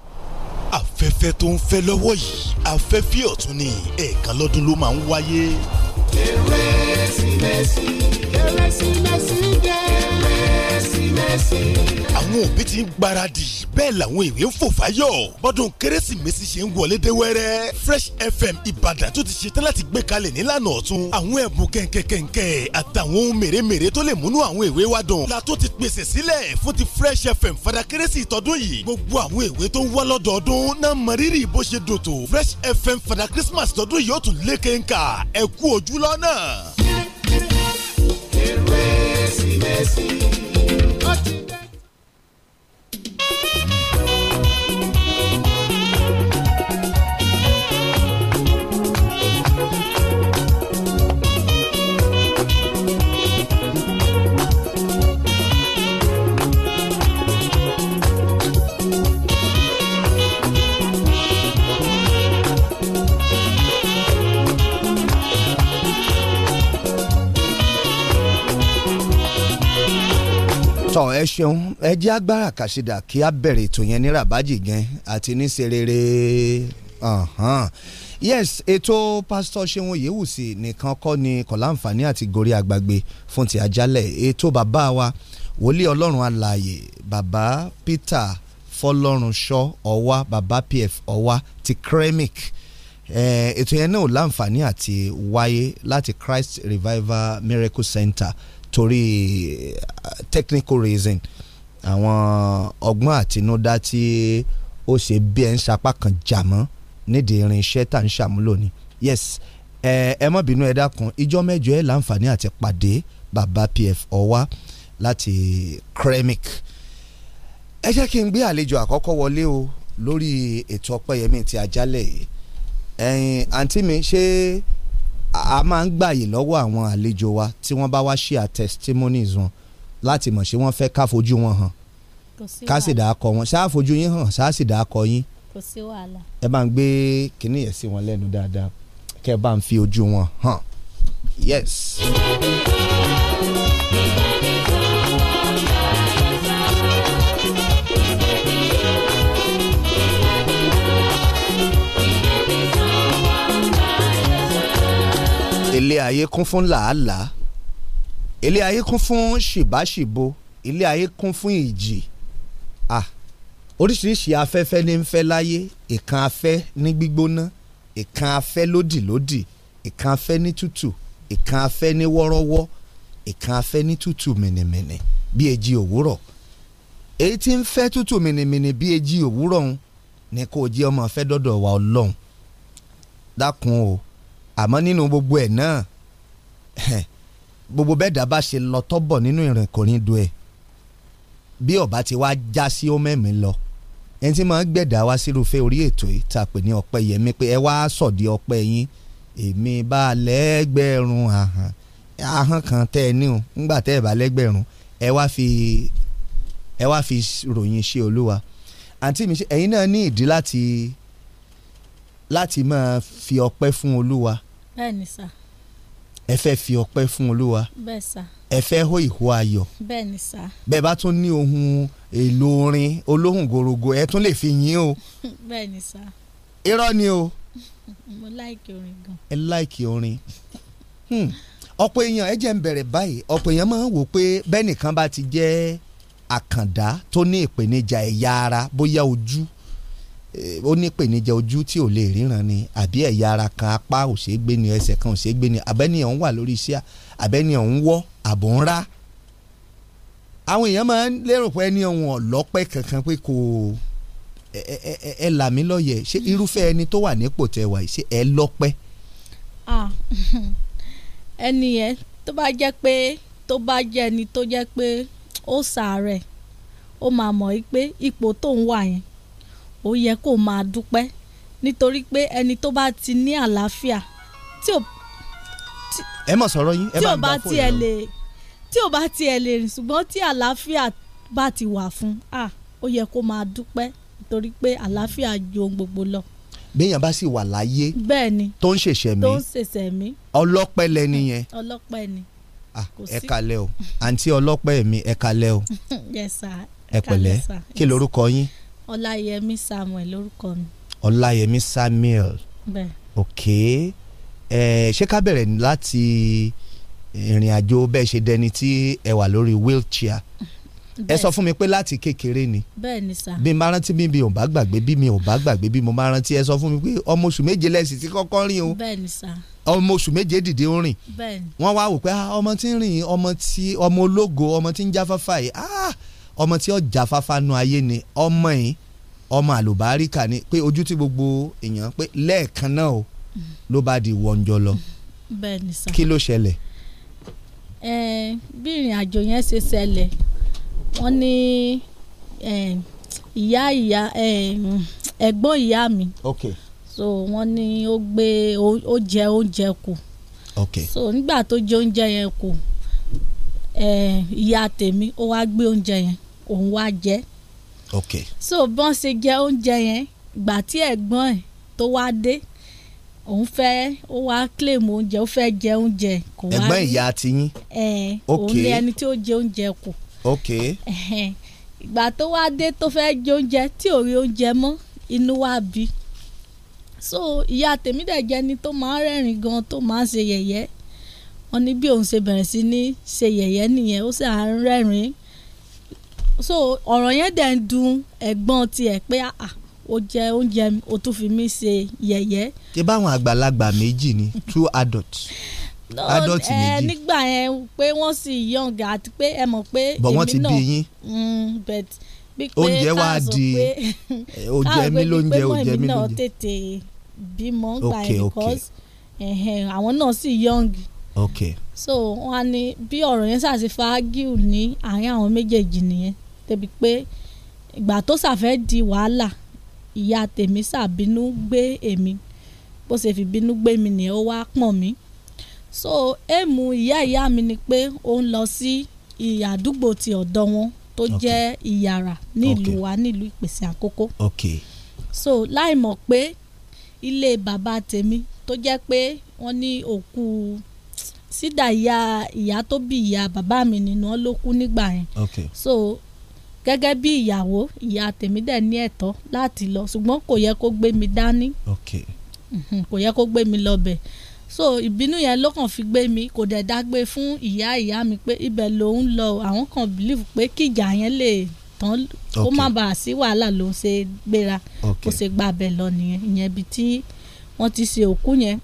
afẹ́fẹ́ tó ń fẹ́ lọ́wọ́ yìí afẹ́fẹ́ ọ̀tun ni ẹ̀ẹ̀kan lọ́dún ló máa ń wáyé. kérésìmesì kérésìmesì dé àwọn òbí ti ń gbáradì bẹ́ẹ̀ làwọn èwe ń fò fáyọ̀ bọ́dún kérésìmesì ṣe ń wọlé dé wẹ́rẹ́ fresh fm ìbàdàn tó ti ṣe tán láti gbé kalẹ̀ nílànà ọ̀tun àwọn ẹ̀bùn kẹ̀kẹ̀kẹ̀kẹ̀ àtàwọn ohun mèremère tó lè múnú àwọn èwe wa dùn la tó ti pèsè sílẹ̀ fún ti fresh fm fada kérésì tọdún yìí gbogbo àwọn èwe tó ń wá lọ́dọọdún náà mọ rírì bó ṣe dòtò fresh fm fada christmas tọdún sọ ẹ ṣeun ẹ jẹ́ agbára kàṣídà kí a bẹ̀rẹ̀ ètò yẹn ní rabaji gan àti ní serere yes ètò pásítọ̀ ṣéun yéwùsì nìkan kọ́ ni kò láǹfààní àti gorí àgbàgbé fún ti àjálẹ̀ ètò bàbá wa wòlíì ọlọ́run alààyè bàbá Peter fọlọ́runṣọ́ ọ̀wá bàbá PF ọ̀wá ti kremik ètò yẹn náà láǹfààní àti wáyé láti Christ Revival Miracle Center torí eh, technical reason àwọn ọgbọ́n àtinúdá tí ó ṣe bí ẹ̀ ń sapá kan jà mọ́ nídìí irinṣẹ́ tá à ń ṣàmúlò ni yes ẹ má bínú ẹ dákun ìjọ mẹ́jọ ẹ láǹfààní àti pàdé bàbá pf ọwá láti kremik ẹ jẹ́ kí n gbé àlejò àkọ́kọ́ wọlé o lórí ètò ọpẹ́yẹmí ti àjálẹ̀ yìí ẹ̀yin àǹtí mi ṣé. Eh, a máa ń gbàyè lọ́wọ́ àwọn àlejò wa tí wọ́n bá wá share testimonies wọn láti mọ̀ ṣé wọ́n fẹ́ ká fojú wọn hàn ká sì dà á kọ wọn ṣáà fojú yín hàn ṣáà sì dà á kọ yín kò sí wàhálà. ẹ bá ń gbé kinní yẹn sí wọn lẹ́nu dáadáa kẹ́ ẹ bá ń fi ojú wọn hàn yes. ilé ayé kún fún làálàá ilé ayé kún fún ṣìbáṣìbo ilé ayé kún fún ìjì ah oríṣiríṣi afẹ́fẹ́ ní ń fẹ́ láyé ìkan afẹ́ ní gbígbóná ìkan afẹ́ lódì lódì ìkan afẹ́ ní tútù ìkan afẹ́ ní wọ́rọ́wọ́ ìkan afẹ́ ní tútù mìnìmìnì bí èjì òwúrọ̀ èyí tí ń fẹ́ tútù mìnìmìnì bí èjì òwúrọ̀ ń ni kò jẹ́ ọmọ fẹ́ dọ́dọ̀ wa ọlọ́run dákun o àmọ́ nínú gbogbo ẹ̀ náà gbogbo bẹ́ẹ̀ dá bá ṣe lọ tọ́bọ̀ nínú ìrìn kò ní do ẹ̀ bí ọba ti wá já sí ó mẹ́mí lọ ẹni tí máa ń gbẹ̀dá wá sírúfẹ́ orí ètò yìí tá pè ní ọpẹ́ yẹmí pé ẹ wá sọ̀dí ọpẹ́ yín èmi bá lẹ́gbẹ̀rún àhàn ahọ́n kan tẹ́ ẹ ní o ńgbà tẹ́ ẹ bá lẹ́gbẹ̀rún ẹ wá fi ẹ wá fi ròyìn ṣe olúwa àǹtí mi ṣe ẹ̀yin náà ní ìdí láti láti máa fi ọpẹ́ fún olúwa. bẹ́ẹ̀ni sà. ẹ fẹ́ fi ọpẹ́ fún olúwa. bẹ́ẹ̀ sà. ẹ fẹ́ hó ìhó ayọ̀. bẹ́ẹ̀ni sà. bẹ́ẹ̀ bá tún ní ohun èlò orin olóhùn gòrògò ẹ tún lè fi yín o. bẹ́ẹ̀ni sà. irọ́ ni o. mo láìkì orin gan. ẹ láìkì orin. Hmm. ọ̀pọ̀ èèyàn ẹ jẹ́ ń bẹ̀rẹ̀ báyìí ọ̀pọ̀ èèyàn máa ń wò pé bẹ́ẹ̀ nìkan bá ti jẹ́ àkàndá tó ní ìpèníjà ẹ̀yà ara bóyá ojú. Eh, ó ní ìpèníjà ojú tí ò lè ríran ni àbí ẹ̀yà ara kan apá ò ṣeé gbé ni ẹsẹ̀ kan ò ṣeé gbé ni abẹ́ni ọ̀hún wà lórí iṣẹ́ abẹ́ni ọ̀hún wọ́ àbò ń rá. àwọn èèyàn máa ń lérò pé ẹni ọ̀hún ọ̀lọ́pẹ́ kankan pé kò ẹ là mí lọ́yẹ̀ ṣé irúfẹ́ ẹni tó wà nípò tẹ wà yìí ṣé ẹ lọ́pẹ́. ẹni yẹn tó bá jẹ́ pé tó bá jẹ́ ẹni tó jẹ́ pé ó ṣàárẹ̀ ó máa mọ̀ pé ipò tó ń wà yẹn ó yẹ kó máa dúpẹ́ nítorí pé ẹni tó bá ti ní àlàáfíà tí ò ẹ mọ̀ sọ̀rọ̀ yín ẹ bá ń gbà fún yín tí ò bá tiẹ̀ lè rìn ṣùgbọ́n tí àlàáfíà bá ti wà fún à ó yẹ kó máa dúpẹ́ nítorí pé àlàáfíà ju gbogbo lọ. béèyàn bá sì wà láyé bẹ́ẹ̀ni tó ń ṣẹ̀ṣẹ̀ mí tó ń ṣẹ̀ṣẹ̀ mí ọlọ́pẹ́ lẹni yẹn ọlọ́pẹ́ ni. ẹ kalẹ̀ o àǹtí ọlọ́pẹ́ mi ẹ kalẹ̀ o ẹ pẹ̀lẹ́ kí lorúkọ yín ọláyẹmí samuel lórúkọ mi. ọláyẹmí samuel. bẹ́ẹ̀. ok ẹ ṣé ká bẹ̀rẹ̀ láti ìrìn àjò bẹ́ẹ̀ ṣe dẹni tí ẹ wà lórí wheelchair ẹ sọ fún mi pé láti kékeré ni bẹ́ẹ̀ ni sà bí mi rántí bí mi ò bá gbàgbé bí mi ò bá gbàgbé bí mo máa rántí ẹ sọ fún mi pé ọmọ oṣù méje lẹ́sìn tí kọ́kọ́ rìn o bẹ́ẹ̀ ni sà ọmọ oṣù méje dìde ó rìn bẹ́ẹ̀ ni wọ́n wá wò pé ah, ọmọ tí ń rìn ọmọ tí ọmọ ológo ọmọ tí ń jáfáfá yìí ah, ọmọ tí ó jáfáfá nu ayé ni ọmọ yìí ọmọ àlùbáríkà ni pé ojú tí gbogbo èèyàn pé lẹ́ẹ̀kan náà o ló bá di wọ́njọ lọ kí ló ṣẹlẹ̀. ẹ bí ìrìn àjò yẹn ṣe ṣẹlẹ̀ wọ́n ní ìyá ìyá ẹ̀gbọ́n ìyá mi okay. so wọ́n ní ó gbé ó jẹ oúnjẹ kù okay. so nígbà tó jẹ oúnjẹ yẹn kù ìyá tèmi ó wá gbé oúnjẹ yẹn òun wá jẹ. ok. so bọ́n ṣe jẹ oúnjẹ yẹn gbà tí ẹ̀gbọ́n ẹ̀ tó wá dé òun fẹ́ ó wá claim oúnjẹ ó fẹ́ jẹ oúnjẹ kò wá. ẹ̀gbọ́n ìyá ti yín. ẹ òun ni ẹni tí ó jẹ oúnjẹ kù. ok. ìgbà tó wá dé tó fẹ́ jẹ oúnjẹ tí ò rí oúnjẹ mọ́ inú wá bí so ìyá tèmi dẹ̀ jẹ́ ni tó máa ń rẹ́rìn gan tó máa ń ṣe yẹ̀yẹ́ wọn ní bí òun ṣe bẹ̀rẹ̀ sí ní ṣe yẹ̀yẹ́ nìyẹn ó sì à ń rẹ́rìn so ọ̀rọ̀ yẹn dẹ̀ ń dùn ẹ̀gbọ́n tiẹ̀ pé àà ó jẹ oúnjẹ ó tún fi mí ṣe yẹ̀yẹ́. ṣé báwọn àgbàlagbà méjì ni two adults adult méjì. ẹ nígbà yẹn pé wọ́n sì yọ̀ǹgà àti pé ẹ mọ̀ pé èmi náà but wọ́n ti bí yín. Mm, but bí pé oúnjẹ wa di oúnjẹ mi lóúnjẹ oúnjẹ mi lóúnjẹ. káàpẹ́ bí pé mọ̀ èmi náà tètè bímọ ńgbà yẹn because àwọn náà sì yọ̀ǹgì ok so wọn á ní bí ọ̀rọ̀ yẹn ṣàṣì fàágìl ní àárín àwọn méjèèjì nìyẹn débi pé ìgbà tó ṣàfẹ́ di wàhálà ìyá tèmi ṣàbínú gbé èmi bó ṣe fi bínú gbé mi nìyẹn ó wá pọ̀n mí so èèmù ìyá ìyá mi ni pé ó ń lọ sí ìyá àdúgbò ti ọ̀dọ̀ wọn tó jẹ́ ìyàrá nílùú wa nílùú ìpèsè àkókò so láì mọ̀ pé ilé bàbá tèmi tó jẹ́ pé wọ́n ní òkú sídà ìyá ìyá tó bí ìyá bàbá mi nínú wọn ló kú nígbà yẹn so gẹ́gẹ́ bí ìyàwó ìyá tèmi dẹ̀ ní ẹ̀tọ́ láti lọ ṣùgbọ́n kò yẹ kó gbé mi dání hm, kò yẹ kó gbé mi lọ bẹ̀ so ìbínú yẹn ló kàn fi gbé mi kò dẹ̀ dágbé fún ìyá ìyá mi pé ibẹ̀ lòun lọ àwọn kan believe pé kíjà yẹn lè tán kó má bàa sí wàhálà ló ń ṣe gbéra kó ṣe gbàbẹ̀ lọ nìyẹn ìyẹn ibi tí wọ́n ti ṣe òkú yẹn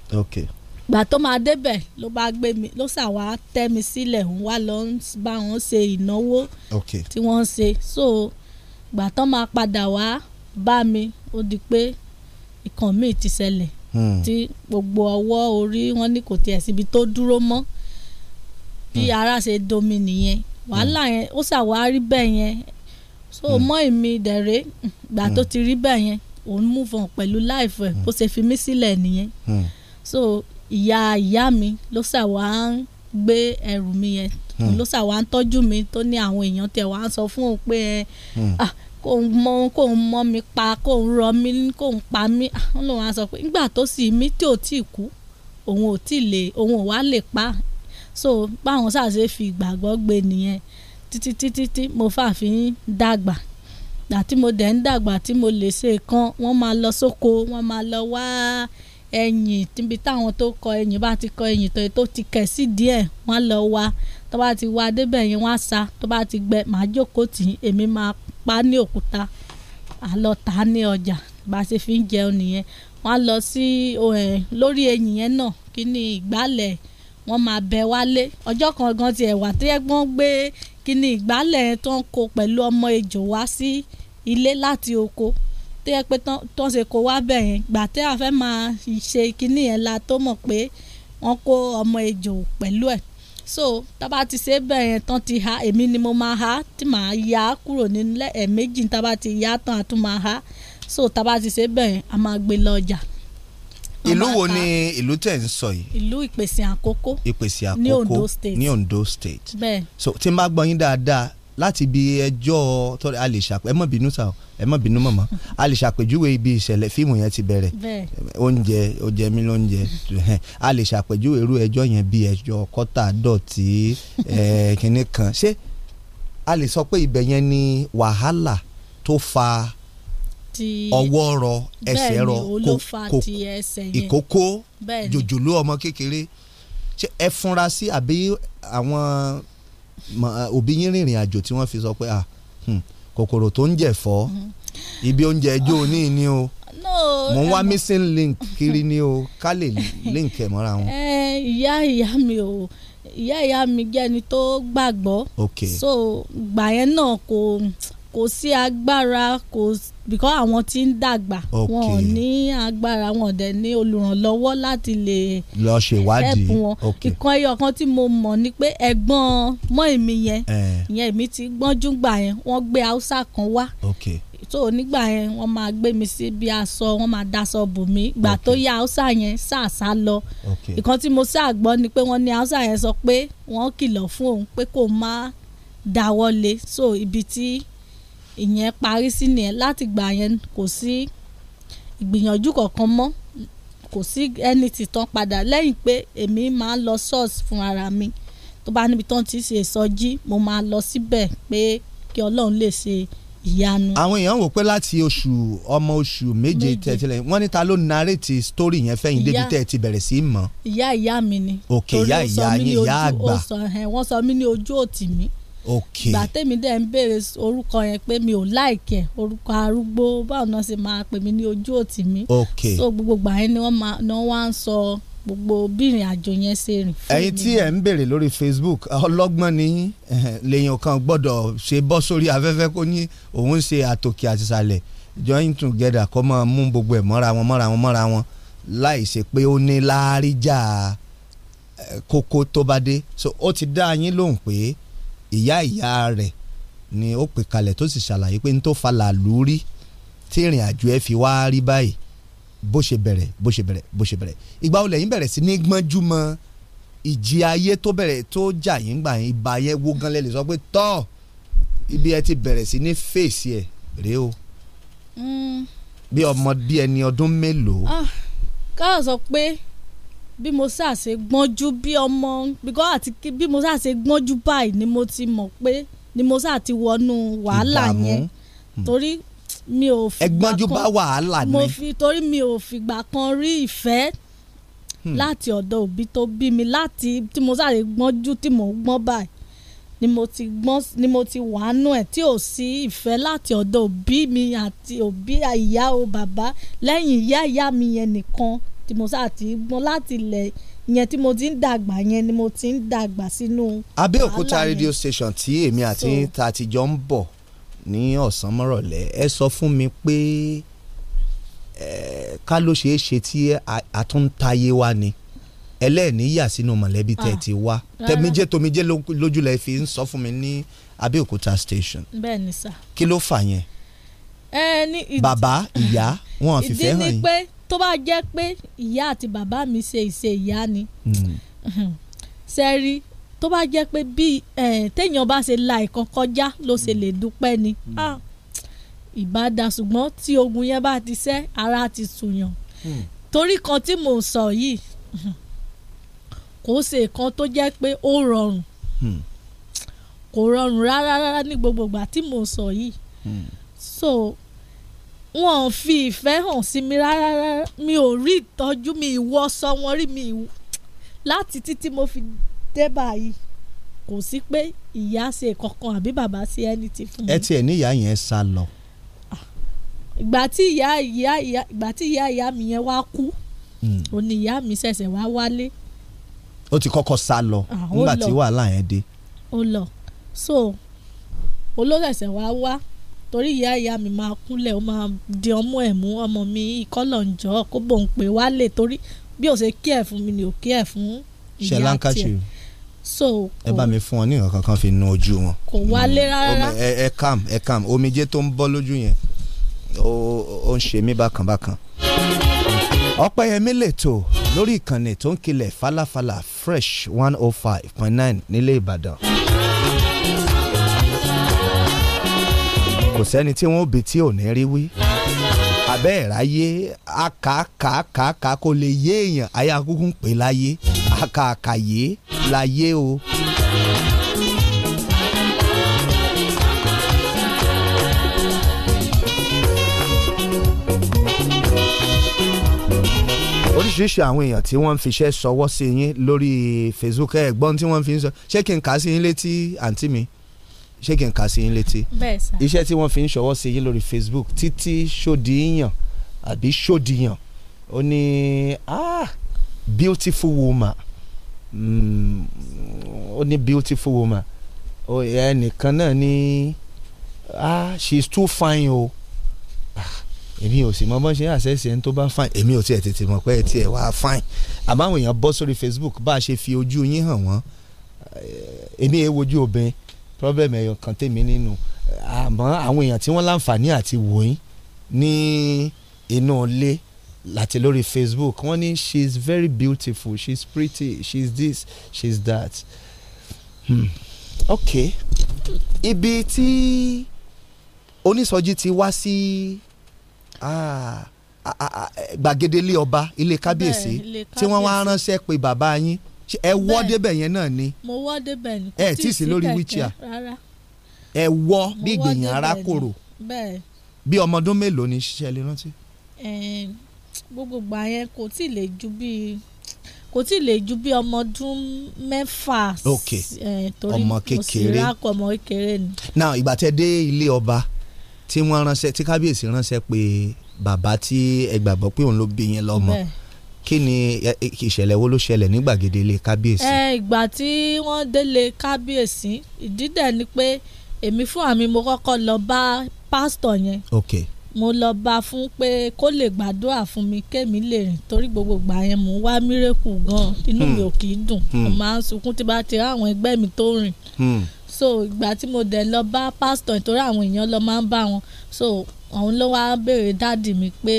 gbà tó máa débẹ̀ ló bá gbé mi ló sà wá tẹ́ mi sílẹ̀ òun wá lọ bá wọn ṣe ìnáwó tí wọ́n ń ṣe so gbà tó máa padà wá bá mi ó di pé ìkan míì ti ṣẹlẹ̀ hmm. tí gbogbo ọwọ́ orí wọn ní kò tiẹ̀ síbi tó dúró mọ́ bí hmm. ara ṣe domi nìyẹn hmm. wàhálà yẹn ó sà wá rí bẹ́ẹ̀ yẹn so mọ́ ìmí dẹ̀rẹ́ gbà tó ti rí bẹ́ẹ̀ yẹn òun move on pẹ̀lú life bó ṣe fi mí sílẹ̀ nìyẹn so ìyá ìyá mi ló ṣà wá ń gbé ẹrù mi yẹn hmm. ló ṣà wá ń tọ́jú mi tó ní àwọn èèyàn tẹ̀ wá ń sọ fún òun pé ẹ hmm. kò ń mọ kò ń mọ mi pa kò ń rọ mi kò ń pa mí àwọn lòun á sọ pé nígbà tó sì mí tí ò tí ì kú òun ò tí ì lè òun ò wá lè pa so báwọn ṣàṣe fi ìgbàgbọ́ gbé nìyẹn títí títí tí mo fàáfin dàgbà àti mo dẹ̀ ń dàgbà tí mo lè ṣe kan wọ́n máa lọ sóko wọ́n máa lọ wá. Wa ẹ̀yìn tíbi táwọn tó kọ ẹ̀yìn bá ti kọ ẹ̀yìn tó tó ti kẹ̀ sí díẹ̀ wọ́n lọ wa tó bá ti wa débẹ̀ yẹn wọ́n á sa tó bá ti gbẹ màá jókòó tì í èmi máa pa ní òkúta àlọ́ tà á ní ọjà bá a ṣe fi ń jẹun nìyẹn wọ́n á lọ sí lórí ẹ̀yìn yẹn náà kí ni ìgbálẹ̀ wọ́n máa bẹ wálé ọjọ́ kan gan ti ẹ̀wà tó yẹ gbọ́n gbé kí ni ìgbálẹ̀ tó ń kó pẹ̀lú ọmọ ejò sí ilé láti oko tó yẹ pé tó ń ṣe kó wá bẹ̀ yẹn gbà tí a fẹ́ máa ṣe kínní yẹn la tó mọ̀ pé wọ́n kó ọmọ ejò pẹ̀lú ẹ̀ so tábà ti ṣe bẹ́ẹ̀ yẹn tán ti ha èmi ni mo máa ha tí màá ya kúrò nílẹ̀ ẹ̀ẹ̀mejì tábà ti ya tán a tún máa ha so tábà ti ṣe bẹ́ẹ̀ yẹn a máa gbé lọ ọjà. ìlú wo ni ìlú tẹ̀ ń sọ yìí. ìlú ìpèsè àkókò ìpèsè àkókò ní Ondo State ní Ondo State. bẹ́ẹ̀ so tí n bá gbọ́ yín dáadáa láti ibi ẹjọ́ tọ́lẹ̀ a lè ṣàpè ẹ má bínú sà ẹ má bínú màmá a lè ṣàpèjúwe ibi ìṣẹ̀lẹ̀ fíìmù yẹn ti bẹ̀rẹ̀ oúnjẹ oúnjẹ mi lóúnjẹ a lè irú ẹjọ́ yẹn bí ẹjọ́ kọ́tà dọ̀tí kínní kan ṣé a lè sọ pé ibẹ̀ yẹn ni wàhálà tó fa ọwọ́ rọ ẹsẹ̀ rọ ìkókó jòjòló ọmọ kékeré ṣé ẹ fúnra sí àbí àwọn Eh, òbí yín rìnrìn àjò tí wọ́n fi sọ pé ah hmm, kòkòrò tó ń jẹ̀fọ́ mm-hmm. ibi oúnjẹ ẹjọ́ ní ni o mo ń wá um, missing link kiri ni o ká lè link ẹ̀ mọ́ra wọn. Eh, ìyá ìyá mi o ìyá ìyá mi jẹ́ ẹni tó gbàgbọ́ so gbà yẹn náà kò kò sí agbára kò bíkọ́ àwọn tí ń dàgbà wọn ò ní agbára wọn ò dẹ̀ ní olùrànlọ́wọ́ láti lè lọ ṣèwádìí ìkan ẹyọ kan tí mo mọ̀ ni pé ẹ̀gbọ́n mọ́ èmi yẹn ìyẹn èmi ti gbọ́njú gbà yẹn wọ́n gbé haúsá kan wá tó nígbà yẹn wọ́n máa gbé mi sí bí aṣọ wọ́n máa daṣọ bò mí gbà tó yá haúsá yẹn ṣàṣà lọ ìkan tí mo ṣàgbọ́ ni pé wọ́n ní haúsá yẹn sọ pé wọ́n kìlọ̀ fún òun pé kó má dáwọ́lé so ibi tí ìyẹn parí sí nìyẹn láti gbà yẹn kò sí ìgbìyànjú kankan mọ́ kò sí ẹni tìtàn padà lẹ́yìn pé èmi máa ń lọ ṣọ́ọ̀ṣì fún ara mi tó bá níbi tán ti ṣe ìsọjí mo máa lọ síbẹ̀ pé kí ọlọ́run lè ṣe ìyanu. àwọn èèyàn wò pé láti oṣù ọmọ oṣù méje tẹ̀tẹ̀lẹ̀ wọ́n ní ló narrate story yẹn fẹ́yìn débi tẹ́ ẹ ti bẹ̀rẹ̀ sí í mọ̀. ìyá ìyá mi ni. òkè ìyá ìyá yín ìyá àgbà. wọ́n sọ mí ní ojú òtì mi. Okay, okay gbàtẹ́mi dẹ̀ ń béèrè orúkọ yẹn pé mi ò láìkẹ́ orúkọ arúgbó báwo náà ṣe máa pè mí ní ojú òtì mi okay so gbogbo gbà yẹn ni wọ́n wá ń sọ gbogbo bí ìrìn àjò yẹn ṣe rìn. ẹ̀yin tí ẹ ń béèrè lórí Facebook ọlọ́gbọ́n ni lèèyàn kan gbọ́dọ̀ ṣe bọ́ sórí afẹ́fẹ́ kó ní òun ṣe àtòkè àtìsàlẹ̀ join together kó máa mú gbogbo ẹ̀ mọ́ra wọn mọ́ra wọn mọ́ra wọn láì ṣe pé ó ní láárí jà kókó tó bá dé so ó ti dá yín lóhùn pé ìyá ìyá rẹ̀ ni ó pè kalẹ̀ tó sì ṣàlàyé pé n tó fa làlú rí tí ìrìn àjò ẹ fi wá rí báyìí bó ṣe bẹ̀rẹ̀ bó ṣe bẹ̀rẹ̀ bó ṣe bẹ̀rẹ̀ ìgbà olè yín bẹ̀rẹ̀ sí ní gbọ́njú mọ́ ìjì ayé tó bẹ̀rẹ̀ tó jà yín gbà yín ibà yẹn wó gan lẹ́lẹ̀ sọ pé tọ́ ibi ẹ ti bẹ̀rẹ̀ sí ní fèsì ẹ̀ rèé o hmm. bí ọmọ bí ẹni ọdún mélòó. Ah, ká sọ pé bí mo ṣàṣe gbọ́njú bí ọmọ bíkọ́ àti bí mo ṣàṣe gbọ́njú báyìí ni mo ti mọ̀ pé ni mo ṣáà ti wọnú wàhálà yẹn hmm. torí mi ò fi ẹgbọ́njú bá wàhálà ni mo fi torí mi ò fìgbà kan rí ìfẹ́ hmm. láti ọ̀dọ̀ òbí tó bí mi láti tí mo ṣàṣe gbọ́njú tí mo gbọ́n báyìí ni mo ti gbọ́n ni mo ti wàánú ẹ̀ tí ò sí ìfẹ́ láti ọ̀dọ̀ òbí mi àti òbí ìyá o bàbá lẹ́yìn ìyá ìyá mi yẹn nìkan tí mo sá ti mọ láti ilẹ̀ yẹn tí mo ti ń dàgbà yẹn ni mo ti ń dàgbà sínú. Abẹ́òkúta radio station tí èmi àti ta ti jọ ń bọ̀ ní ọ̀sán mọ́rọ̀lẹ́ ẹ sọ fún mi pé ká ló ṣeé ṣe tí àtúntayé wa ni ẹlẹ́ẹ̀níyà sínú mọ̀lẹ́bí tẹ̀ ah. ti wá tẹ̀míjẹ́ tomijẹ́ lójúlẹ̀ fi ń sọ fún mi ní Abẹ́òkúta station. bẹ́ẹ̀ni sá. kí ló fà yẹn. bàbá ìyá wọn fi hàn yín. ìdí ni pé tó bá jẹ́ pé ìyá àti bàbá mi ṣe ìṣe ìyá ni sẹ́rí hmm. tó bá jẹ́ pé bí téèyàn bá ṣe la ìkan kọjá ló ṣe lè dúpẹ́ ni hmm. ah, ìbáda ṣùgbọ́n tí ogun yẹn bá ti ṣẹ́ ara ti sùnyàn hmm. torí kan tí mò ń sọ yìí kò ṣe kan tó jẹ́ pé ó rọrùn kò rọrùn rárá rárá ní gbogbo ìgbà tí mò ń sọ yìí so wọn ò fi ìfẹ́ hàn sí mi rárá mi ò rí ìtọ́jú mi ìwọ́sọ wọn rí mi láti títí mo fi dé báyìí kò sí pé ìyá ṣe kankan àbí bàbá ṣe ẹni tí fún mi. ẹ tiẹ̀ ní ìyá yẹn sá lọ. Ah, ìgbà tí ìyá ìyá mi yẹn wá kú ó hmm. ìyá mi ṣẹ̀ṣẹ̀ wá wálé. ó ti kọ́kọ́ sá lọ ah, nígbà tí wàhálà yẹn dé. ó lọ so olóṣèṣẹ̀ wá wá torí ìyá ìyá mi máa kúnlẹ̀ ó máa di ọmú ẹ̀ mú ọmọ mi ìkọlọ̀njọ́ kó bò ń pè wálé torí bí ò kí ẹ̀ fún mi ni ò kí ẹ̀ fún ìyá tiẹ̀ so ẹ bá mi fún ọ ní nǹkan kankan fi nu ojú wọn. kò wálé mm. rárá. ẹ calm ẹ calm omijé tó ń bọ́ lójú yẹn ó ń ṣe mí bákan bákan. Ọpẹ́yẹmí lètò lórí ìkànnì tó ń kilẹ̀ falafala fresh one oh five point nine nílé Ìbàdàn kò sẹ́ni tí wọ́n bí tí ò ní rí wí abẹ́ ìráyé akàkàkàkà kò lè yé èèyàn ayé akúkú láyé akàkàyé láyé o. oríṣiríṣi àwọn èèyàn tí wọ́n ń fiṣẹ́ sọwọ́ sí yín lórí Facebook ẹ̀gbọ́n tí wọ́n fi ń sọ ṣé kí n kà á sí yín létí àǹtí mi ṣé kí n kà sí yín létí iṣẹ́ tí wọ́n fi ń ṣọwọ́ sí yín lórí Facebook títí ṣòdìyàn àbí ṣòdìyàn ó ní ah beautiful woman mm, ó ní beautiful woman ẹnìkan náà ní ah she is too fine o ah, èmi ò sì mọ bọ́n ṣe ń àṣẹ́sì ẹni tó bá fine èmi ò tiẹ̀ tètè mọ̀ pé ẹ tiẹ̀ wá fine àmọ́ àwọn èèyàn bọ́ sórí Facebook bá a ṣe fi ojú yín hàn wọ́n èmi èèwojú obìnrin problem ẹ̀yọ̀ kan tèmi nínú àmọ́ àwọn èèyàn tí wọ́n láǹfààní àti wòyìn ní inú ilé láti lórí Facebook wọ́n ní she is very beautiful she is pretty she is this she is that. Hmm. ok ibi tí onísọjí ti wá sí ah, ah, ah, gbàgede ilé ọba ilé kábíyèsí tí wọ́n wá ránṣẹ́ pé bàbá yín ẹ wọ́ débẹ̀ yẹn náà ni mo wọ́ débẹ̀ ni kò tí ì sí lórí wheelchair rárá ẹ wọ́ bí gbìyàn ara kòrò bí ọmọ ọdún mélòó ni ṣiṣẹ́ lè rántí. gbogbo gbà yẹn kò tí ì lè ju bíi kò tí ì lè ju bí ọmọ ọdún mẹ́fà. ok ọmọ kékeré torí mo sì rákọ ọmọ kékeré ni. now ìgbà tẹ dé ilé ọba tí wọ́n ránṣẹ́ tí kábíyèsí ránṣẹ́ pé bàbá tí ẹ gbàgbọ́ pé òun ló bí yẹn lọ́mọ. bẹ́ẹ̀ kí ni ìṣẹ̀lẹ̀ wo ló ṣẹlẹ̀ ní gbàgede ilé kábíyèsí. ẹ ìgbà tí wọ́n délé kábíyèsí ìdí ni pé èmi fún àmì mo kọ́kọ́ lọ bá pásítọ̀ yẹn. okay mo lọ bá a fún pé kó lè gbàdúrà fún mi kémi lè rìn torí gbogbo ìgbà yẹn mò wá mírèkù gan inú mi ò hmm. kì í dùn hmm. mo máa ń sunkún tí bá ti rí àwọn ẹgbẹ́ mi tó rìn hmm. so ìgbà tí mo dẹ̀ lọ bá pásítọ̀ nítorí àwọn èèyàn lọ máa ń bá wọn so òun ló wá béèrè dáàdì mi pé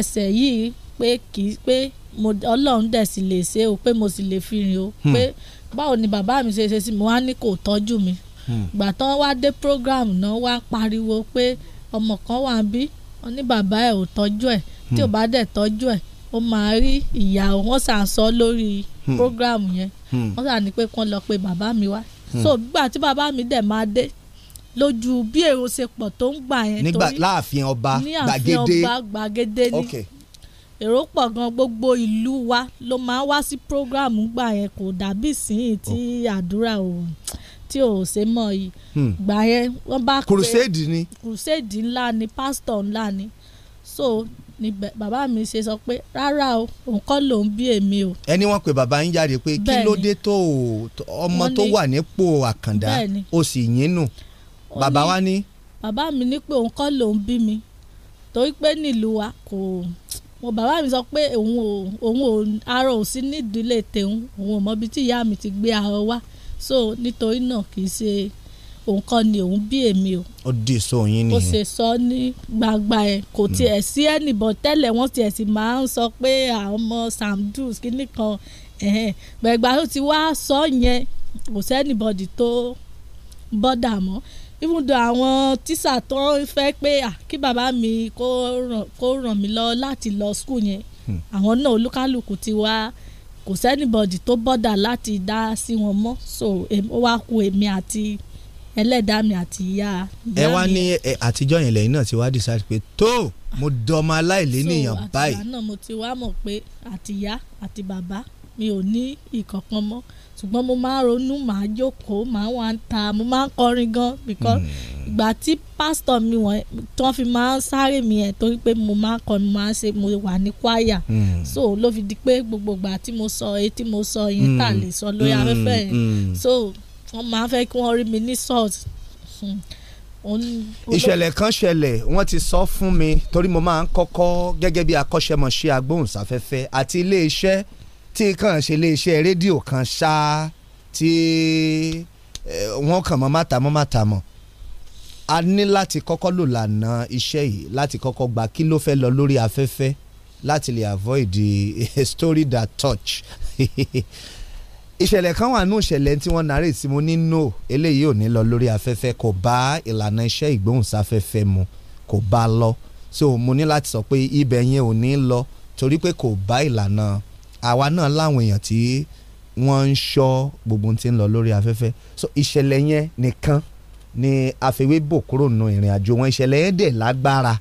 ẹsẹ̀ yìí pé kì í pé ọlọ́run dẹ̀ sì lè ṣe o pé mo sì lè fi rìn o hmm. pé báwo ni bàbá mi ṣe ṣe sí mi wá ní kò tọ́jú mi hmm. gbà tán wá dé program náà wá pariwo pé ọmọ kan wà ń bí wọn ní bàbá ẹ̀ ò tọ́jú ẹ̀ tí ò hmm. bá dẹ̀ tọ́jú ẹ̀ ó máa rí ìyá wọn sà ń sọ lórí program yẹn wọn sà ní pé kán lọ pé bàbá mi wá so gbà tí bàbá mi dẹ̀ máa dé lójú bí èrò ṣe pọ̀ tó ń gbà yẹn torí nígbà láàfin ọba gbàgede ní ààfin ọba gbàgede ní èrò pọ̀ gan gbogbo ìlú wa ló máa wá sí program gbà yẹn kò dàbí sìn tí oh. àdúrà ò tí ò ṣe mọ̀ yìí hmm. gbà yẹn wọ́n bá pé crusade ni crusade ńlá ni pastor ńlá ni so ni bàbá mi ṣe sọ pé rárá o òun kọ́ lòun bí èmi o. ẹni wọn pe bàbá ń jáde pé kí ló dé tó ọmọ tó wà nípò àkàndá o sì yín nù bàbá wa ní. bàbá mi ní pé òun kọ́ lòun bí mi torí pé nílùú wa kò mo bàbá mi sọ pé òun ò òun ò arọ ò sí nídìílé tèun òun ò mọbi tí ìyá mi ti gbé arọ wá so nítorí náà kì í ṣe òun kọ́ ni òun bí èmi o. ó dì sọ yín nìyẹn. ó ṣe sọ ní gbangba ẹ kò mm. tiẹ̀ sí ẹnìbọn tẹ́lẹ̀ wọ́n tiẹ̀ sì máa ń sọ pé àwọn ọmọ samdus kìíní kan gbẹ̀gbà tó ti wá sọ yẹn kò sẹ́nìbọ̀dì tó bọ́dà mọ́ even though àwọn tíṣà tó ń fẹ́ pé kí bàbá mi kó ràn mí lọ láti lọ skul yẹn hmm. àwọn náà olúkálùkù ti wá kò sẹ́nìbọ̀dì tó bọ́dà láti dá sí wọn mọ́ so ó wá ku èmi àti ẹlẹ́dàá mi àti ìyá mi. ẹ wá ní àtijọ́ yẹn lẹ́yìn náà ti wá decide pé tó mo dọ́mọ aláìlé nìyàn báyìí. so àtìgbà náà mo ti wá mọ̀ pé àtìyá àti bàbá mi ò ní ìkọ̀kan mọ́ ṣùgbọ́n mo máa ń ronú màá jókòó màá wà ń ta mo máa ń kọrin gan because hmm. ìgbà tí pásítọ̀ mi wọ̀n tán fi máa ń sáré mi ẹ̀ torí pé mo máa ń kọrin mo máa ń ṣe mo wà ní kwaya hmm. so ló fi di pé gbogbo ìgbà tí mo sọ èyí tí mo sọ yẹn tà hmm. lè sọ lórí afẹ́fẹ́ yẹn so wọ́n máa ń fẹ́ kí wọ́n rí mi ní sọ́ọ̀tì ìṣẹ̀lẹ̀ kan ṣẹlẹ̀ wọ́n ti sọ fún mi torí mo máa ń kọ́kọ́ gẹ́gẹ́ bí akọ́ṣẹ́mọṣẹ́ agbóhùnsáfẹ́fẹ́ àti iléeṣẹ́ tí kàn ṣe iléeṣẹ́ rédíò kan ṣáá tí wọ́n kàn mọ́ mátàmọ́ mátàmọ́ a ní láti kọ́kọ́ lò lànà iṣẹ́ yìí láti kọ́kọ́ gba kí ló fẹ́ lọ lórí afẹ́fẹ́ láti lè avoid the story that touch ìṣẹ̀lẹ̀ kan wà nù ìṣẹ̀lẹ̀ tí wọ́n narrate sí mo ní no eléyìí ò ní lọ lórí afẹ́fẹ́ kò bá ìlànà iṣẹ́ ìgbóhùnsáfẹ́fẹ́ mu kò bá lọ so mo ní láti sọ pé ibẹ̀ yẹn ò ní lọ torí pé kò bá ìlànà àwa náà láwọn èèyàn tí wọ́n ń ṣọ́ gbogbo tí ń lọ lórí afẹ́fẹ́ so ìṣẹ̀lẹ̀ yẹn nìkan ni àfẹwébò kúrò nù ìrìn àjò wọn ìṣẹ̀lẹ̀ yẹn dẹ̀ lágbára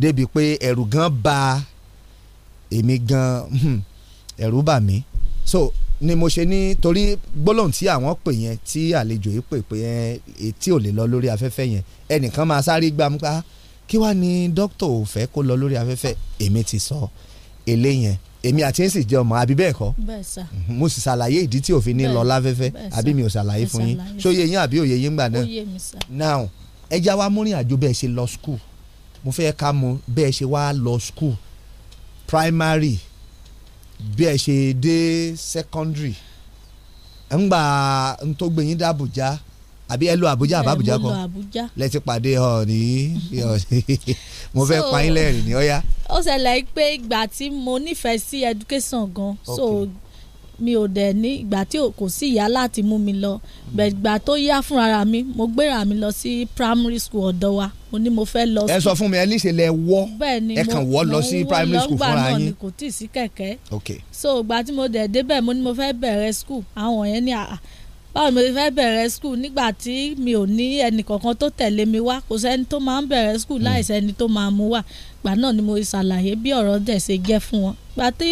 débi pé ẹ̀rù gan bà èmi gan hmm, ẹ̀rù bà mí so ni mo ṣe ní torí gbólóhùn tí àwọn pè yẹn tí àlejò yìí pè pé etí ò lè lọ lórí afẹ́fẹ́ yẹn ẹnìkan máa sáré gbámúká ah, kí wàá ní dókítà ò fẹ́ kó lọ lórí afẹ́fẹ́ èmi ti sọ eléyẹn èmi àti ẹ̀ sì jẹ́ ọmọ àbí bẹ́ẹ̀ kọ́ mhm. mo sì ṣàlàyé ìdí tí òfin ní lọ láfẹ́fẹ́ àbí mi ò ṣàlàyé fún yín ṣóyè yín àbí òye yín gbà náà now ẹ já wa mú rìn àjò bẹ́ẹ̀ ṣe lọ school mo fẹ́ ká mo bẹ́ẹ̀ ṣe wá lọ school primary bẹ́ẹ̀ ṣe dé secondary ńgbà tó gbẹ̀yìn dàbújá àbí ẹ lọ Àbújá àbá Àbújá kọ lẹ ti pàdé ọ ní mo fẹ́ pa yín lẹ́rìn ní ọ́yá. ó ṣẹlẹ̀ pé ìgbà tí mo nífẹ̀ẹ́ sí education gan so mi ò dẹ̀ ní ìgbà tí kò sí ìyá láti mú mi lọ gbẹ̀gbà tó yá fúnra mi mo gbéra mi lọ sí primary school ọ̀dọ̀ wa mo ní mo fẹ́ lọ sí. ẹ sọ fún mi ẹ níṣẹ́ lẹ wọ́ ẹ kàn wọ́ lọ sí primary school fúnra yín. mo wọ́ lọ́gbà náà ni kò tí ì sí kẹ̀kẹ́. so ìgbà tí mo dẹ̀ débẹ̀ mo ní mo fẹ́ bẹ̀rẹ̀ school àwọn yẹn ní àà báwo mo fẹ́ bẹ̀rẹ̀ skul nígbà tí mi ò ní ẹnìkankan tó tẹ̀lé mi wá kò sẹ́ni tó máa ń bẹ̀rẹ̀ skul hmm. láìsẹ́ni tó máa mú wá gbà náà ni mo ṣàlàyé bí ọ̀rọ̀ dẹ̀ ṣe jẹ́ fún wọn gbà tí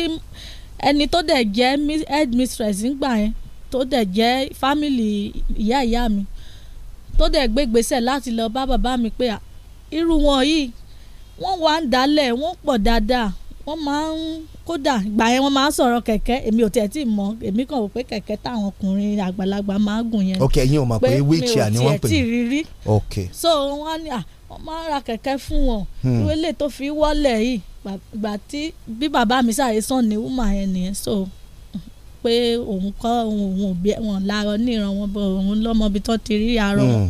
ẹni tó dẹ̀ jẹ́ headmistress ńgbà yẹn tó dẹ̀ jẹ́ family ìyá ìyá mi tó dẹ̀ gbé gbèsè láti lọ bá bàbá mi pé irú wọn yìí wọ́n wá ń dálẹ̀ wọ́n pọ̀ dáadáa wọ́n máa ń kódà ìgbà yẹn wọ́n máa ń sọ̀rọ̀ kẹ̀kẹ́ èmi ò tiẹ̀ tí mọ̀ èmi kàn wò pé kẹ̀kẹ́ táwọn ọkùnrin àgbàlagbà máa ń gùn yẹn. ok ẹ̀yin ò mọ̀ pé wheelchair ni wọ́n pè é. pé mi ò tiẹ̀ tí ì rírí. ok so wọ́n ní wọ́n máa ń ra kẹ̀kẹ́ fún wọn hmm. irú ilé tó fi wọ́lẹ̀ yìí gbà tí bí bàbá mi ṣàyè sàn ní wúmà yẹn nìyẹn so pé òun kọ́ òun òbí wọn láàárọ̀ níran wọn bọ̀ òun lọ́mọbi tó ti rí àárọ̀ hmm.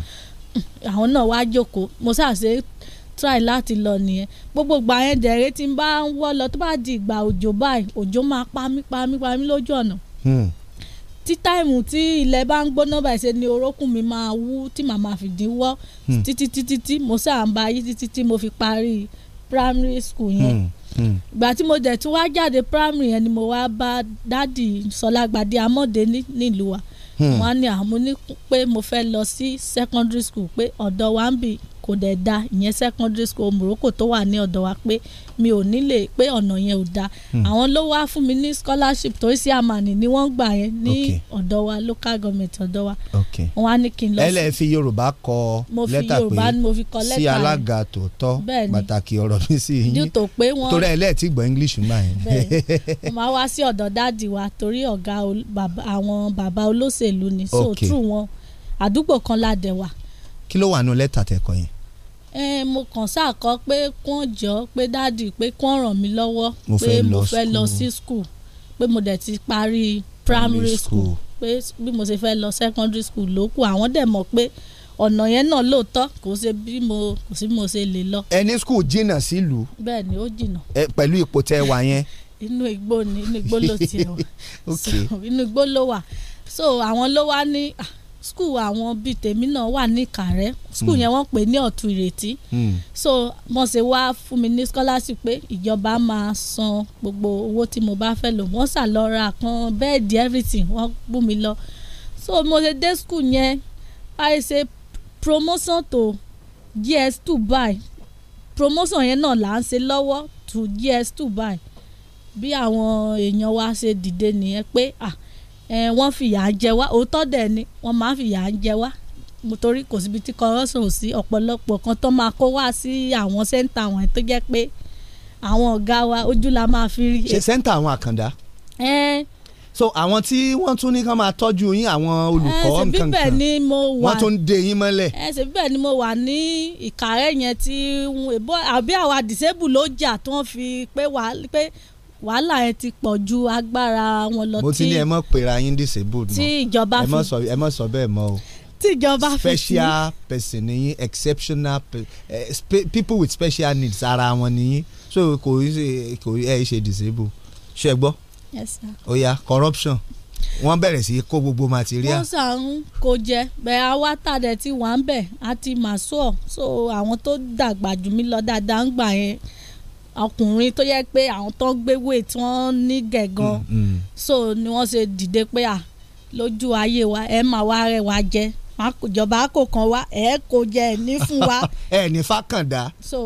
àwọn náà wá jókòó mo ṣàṣe try láti lọ nìyẹn gbogbo ìgbà yẹn dẹ̀rẹ́ tí n bá ń wọ́ lọ tó bá di ìgbà òjò báyìí òjò máa pa mí pa mí pa mí lójú ọ̀nà hmm. tí táìmù tí ilẹ̀ bá ń gbóná báyìí ṣe ni orókùn mi máa wú tí màmá fi dín wọ́ hmm. títí títí tí mo sáà ń ba yí títí tí mo fi parí primary school yẹn hmm. ìgbà tí mo dẹ̀ tún wá jáde primary yẹn ni mo wá bá dádì Sọlágbadé Amóde nílùú wa wọn ní àmúní pé mo fẹ́ lọ sí secondary school pé ọ̀dọ̀ wa ń bì kò dẹ̀ da ìyẹn secondary school Morocco tó wà ní ọ̀dọ̀ wa pé mi ò nílè pé ọ̀nà yẹn ò da hmm. àwọn ló wá fún mi ní scholarship tó sí àmàní ni wọ́n gbà yẹn ní ọ̀dọ̀ wa local government ọ̀dọ̀ wa wọ́n á ní kí n lọ sí. ẹlẹ́ fi Yorùbá kọ lẹ́tà pé sí alága tòótọ́ pàtàkì ọ̀rọ̀ mi sí yín torí ẹlẹ́ ti gbọ́ English máa yẹn. mo máa wá sí ọ̀dọ̀ dáàdì wa torí ọ̀gá àwọn bàbá olóṣèlú ni so true wọn àdúgbò kan ládẹ wa. kí ló wà nù lẹ́tà tẹ̀kọ̀ yẹn mo kàn sáà kọ pé kún jọ pé dáàdì pé kún ràn mí lọ́wọ́ pé mo fẹ́ lọ sí school pé mo dẹ̀ ti parí primary school pé bí mo ṣe fẹ́ lọ secondary school ló kù àwọn dẹ̀ mọ̀ pé ọ̀nà yẹn náà lóòótọ́ kò ṣe bí mo kò sí mo ṣe lè lọ. ẹni skul jìnnà sílùú. bẹ́ẹ̀ ni ó jìnnà. ẹ pẹ̀lú ipò tẹ wà yẹn. inú igbó ni inú igbó ló ti wà inú igbó ló wà so àwọn ló wá ní ah, skul àwọn bíi tèmi náà wà ní Ìkàrẹ́ skul hmm. yẹn wọ́n pè ní Ọ̀tún Ìrètí hmm. so mo ṣe wá fún mi ní scholarship pé ìjọba máa san gbogbo owó tí mo bá fẹ́ lò wọ́n ṣà lọ ra kan bẹ́ẹ̀dì everything wọ́n bù mí lọ so mo ṣe dé skul yẹn I say promotion to GS2 buy promotion yẹn náà là ń ṣe lọ́wọ́ to GS2 buy bí àwọn èèyàn wa ṣe dìde nìyẹn pé ah wọ́n fìyà jẹ wá òótọ́ dẹ̀ ni wọ́n máa fìyà jẹ wá torí kò síbi tí corruption ò sí ọ̀pọ̀lọpọ̀ kan tó máa kó wá sí àwọn sẹ́ńtà àwọn tó jẹ́ pé àwọn ọ̀gá wa ojú la máa fi rí. ṣe sẹ́ńtà àwọn àkàndá. so àwọn tí wọ́n tún ní kán máa tọ́jú yín àwọn olùkọ́ nǹkan kan tún dè yín mọ́lẹ̀. ẹ ṣe bíbẹ̀ ni mo wà ní ìkàrẹ́ yẹn tí àbí àwa disable ló jà tí wọ́n fi pé wàhálà ẹ ti pọ̀ ju agbára wọn lọ tí mo ti ní ẹ mọ̀ pera yín disabled mọ́ tí ìjọba fi ẹ mọ̀ sọ bẹ́ẹ̀ mọ́ o tíjọba fi special person nìyí exceptional eh, people with special needs ara wọn nìyí so kò kò ẹ ṣe disabled ṣe gbọ́ yes sir oya corruption wọ́n bẹ̀rẹ̀ sí í kó gbogbo material. wọ́n sàn ń kó jẹ bẹ́ẹ̀ àwa tàdé tí wà ń bẹ̀ àti màsúọ̀ so àwọn tó dàgbà jù mí lọ dáadáa ń gbà yẹn ọkùnrin tó yẹ pé àwọn tó ń gbé wèé tí wọ́n ní gẹ̀gan mm, mm. so ni wọ́n ṣe dìde pé à lójú ayé wa ẹ máa wá rẹwà jẹ ìjọba kò kàn wá ẹ kò jẹ ẹ ní fún wa. ẹ ní fákàndá. so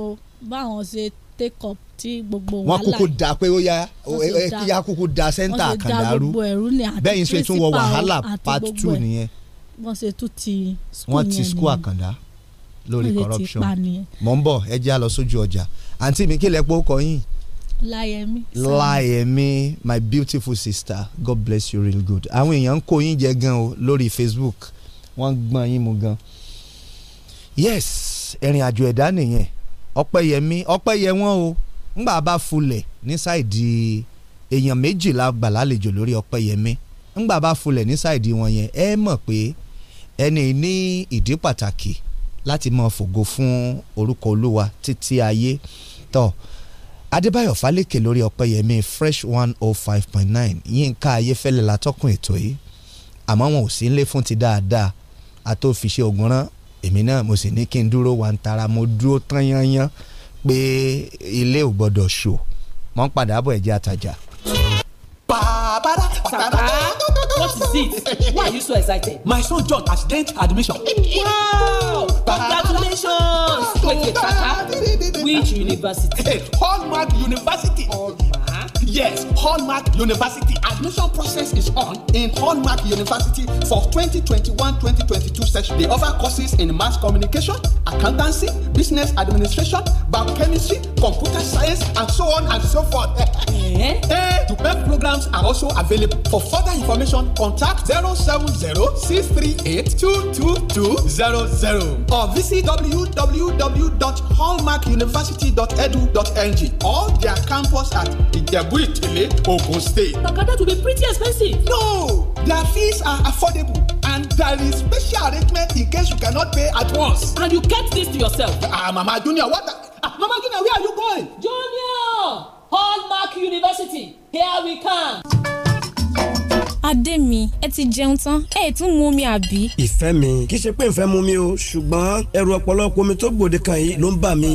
báwọn ṣe take up tí gbogbo wàhálà wọn kúkú da pé ó yá kíyá kúkú da sẹ́ńtà kàndárú bẹ́yìn ṣe tún wọ wàhálà part two nìyẹn wọ́n ṣe tún ti school yẹn wọ́n ti school àkàndá lórí corruption mọ̀ ń bọ̀ ẹ jẹ́ àlọ́ sójú ọjà àǹtí mi kí lẹ pé ó kọ yín. láyẹmí. láyẹmí my beautiful sister god bless you real good àwọn èèyàn ń kó yín jẹ gan o lórí facebook wọ́n ń gbọ́n yín mu gan. yes ìrìn àjò ẹ̀dá nìyẹn ọpẹ́yẹmí ọpẹ́yẹ wọn o ńgbà bá fulẹ̀ ní sáìdì èèyàn méjìlá gbà lálejò lórí ọpẹ́yẹmí ńgbà bá fulẹ̀ ní sáìdì wọn yẹn ẹ mọ̀ pé ẹni ní ìdí pàtàkì láti mọ fògo fún orúkọ olúwa títí ayé tọ́ adébáyọ̀ fálékè lórí ọ̀pẹ́yẹmí fresh one oh five point nine yínká ayéfẹ́lẹ́ látọ́kùn ètò yìí àmọ́ wọn ò sí ń lé fún ti dáadáa àtòfiṣe ògùnrán èmi náà mo sì ní kí n dúró wa ń tara mo dúró tán yányán pé ilé ò gbọ́dọ̀ ṣò mọ́ padà bọ̀ ẹ̀jẹ̀ àtàjà sakabara sakabara. what is it why are you so excited. my son John has gained admission. wow congratulations which university. Hey, Hallmark University. Yes, Hallmark University. Admission process is on in Hallmark University for 2021-2022 session. They offer courses in mass communication, accountancy, business administration, biochemistry, computer science, and so on and so forth. eh? Eh, the best programs are also available. For further information, contact 070-638-22200 or visit www.hallmarkuniversity.edu.ng or their campus at Ijebu Itele, Ogun State. that will be pretty expensive. No, their fees are affordable and there is special arrangement in case you cannot pay at once. And you kept this to yourself. Ah, uh, Mama Junior, what? The Ah, Mama Gina, where are you going? Junior, Hallmark University, here we come. Adé mi, ẹ ti jẹun tán, ẹ tún mú mi àbí. Ìfẹ́ mi, kì í ṣe pé ń fẹ́ mú mi o, ṣùgbọ́n ẹrù ọ̀pọ̀lọpọ̀ omi tó gbòde kan yìí ló ń bà mí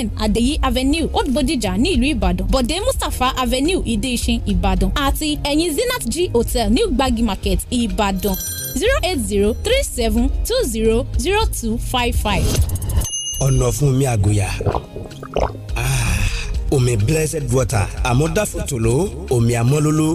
ten Àdèyí avenue Old Bodija ní ìlú Ìbàdàn Bọ̀dé Mustapha avenue Ìdí-Ìṣin Ìbàdàn àti ẹ̀yìn Zenith G Hotel New Gbagi Market Ìbàdàn zero eight zero three seven two zero zero two five five. ọ̀nà fún mi àgùyà ah, omi blessed water àmọ́ dáfòtò ló omi àmọ́lólo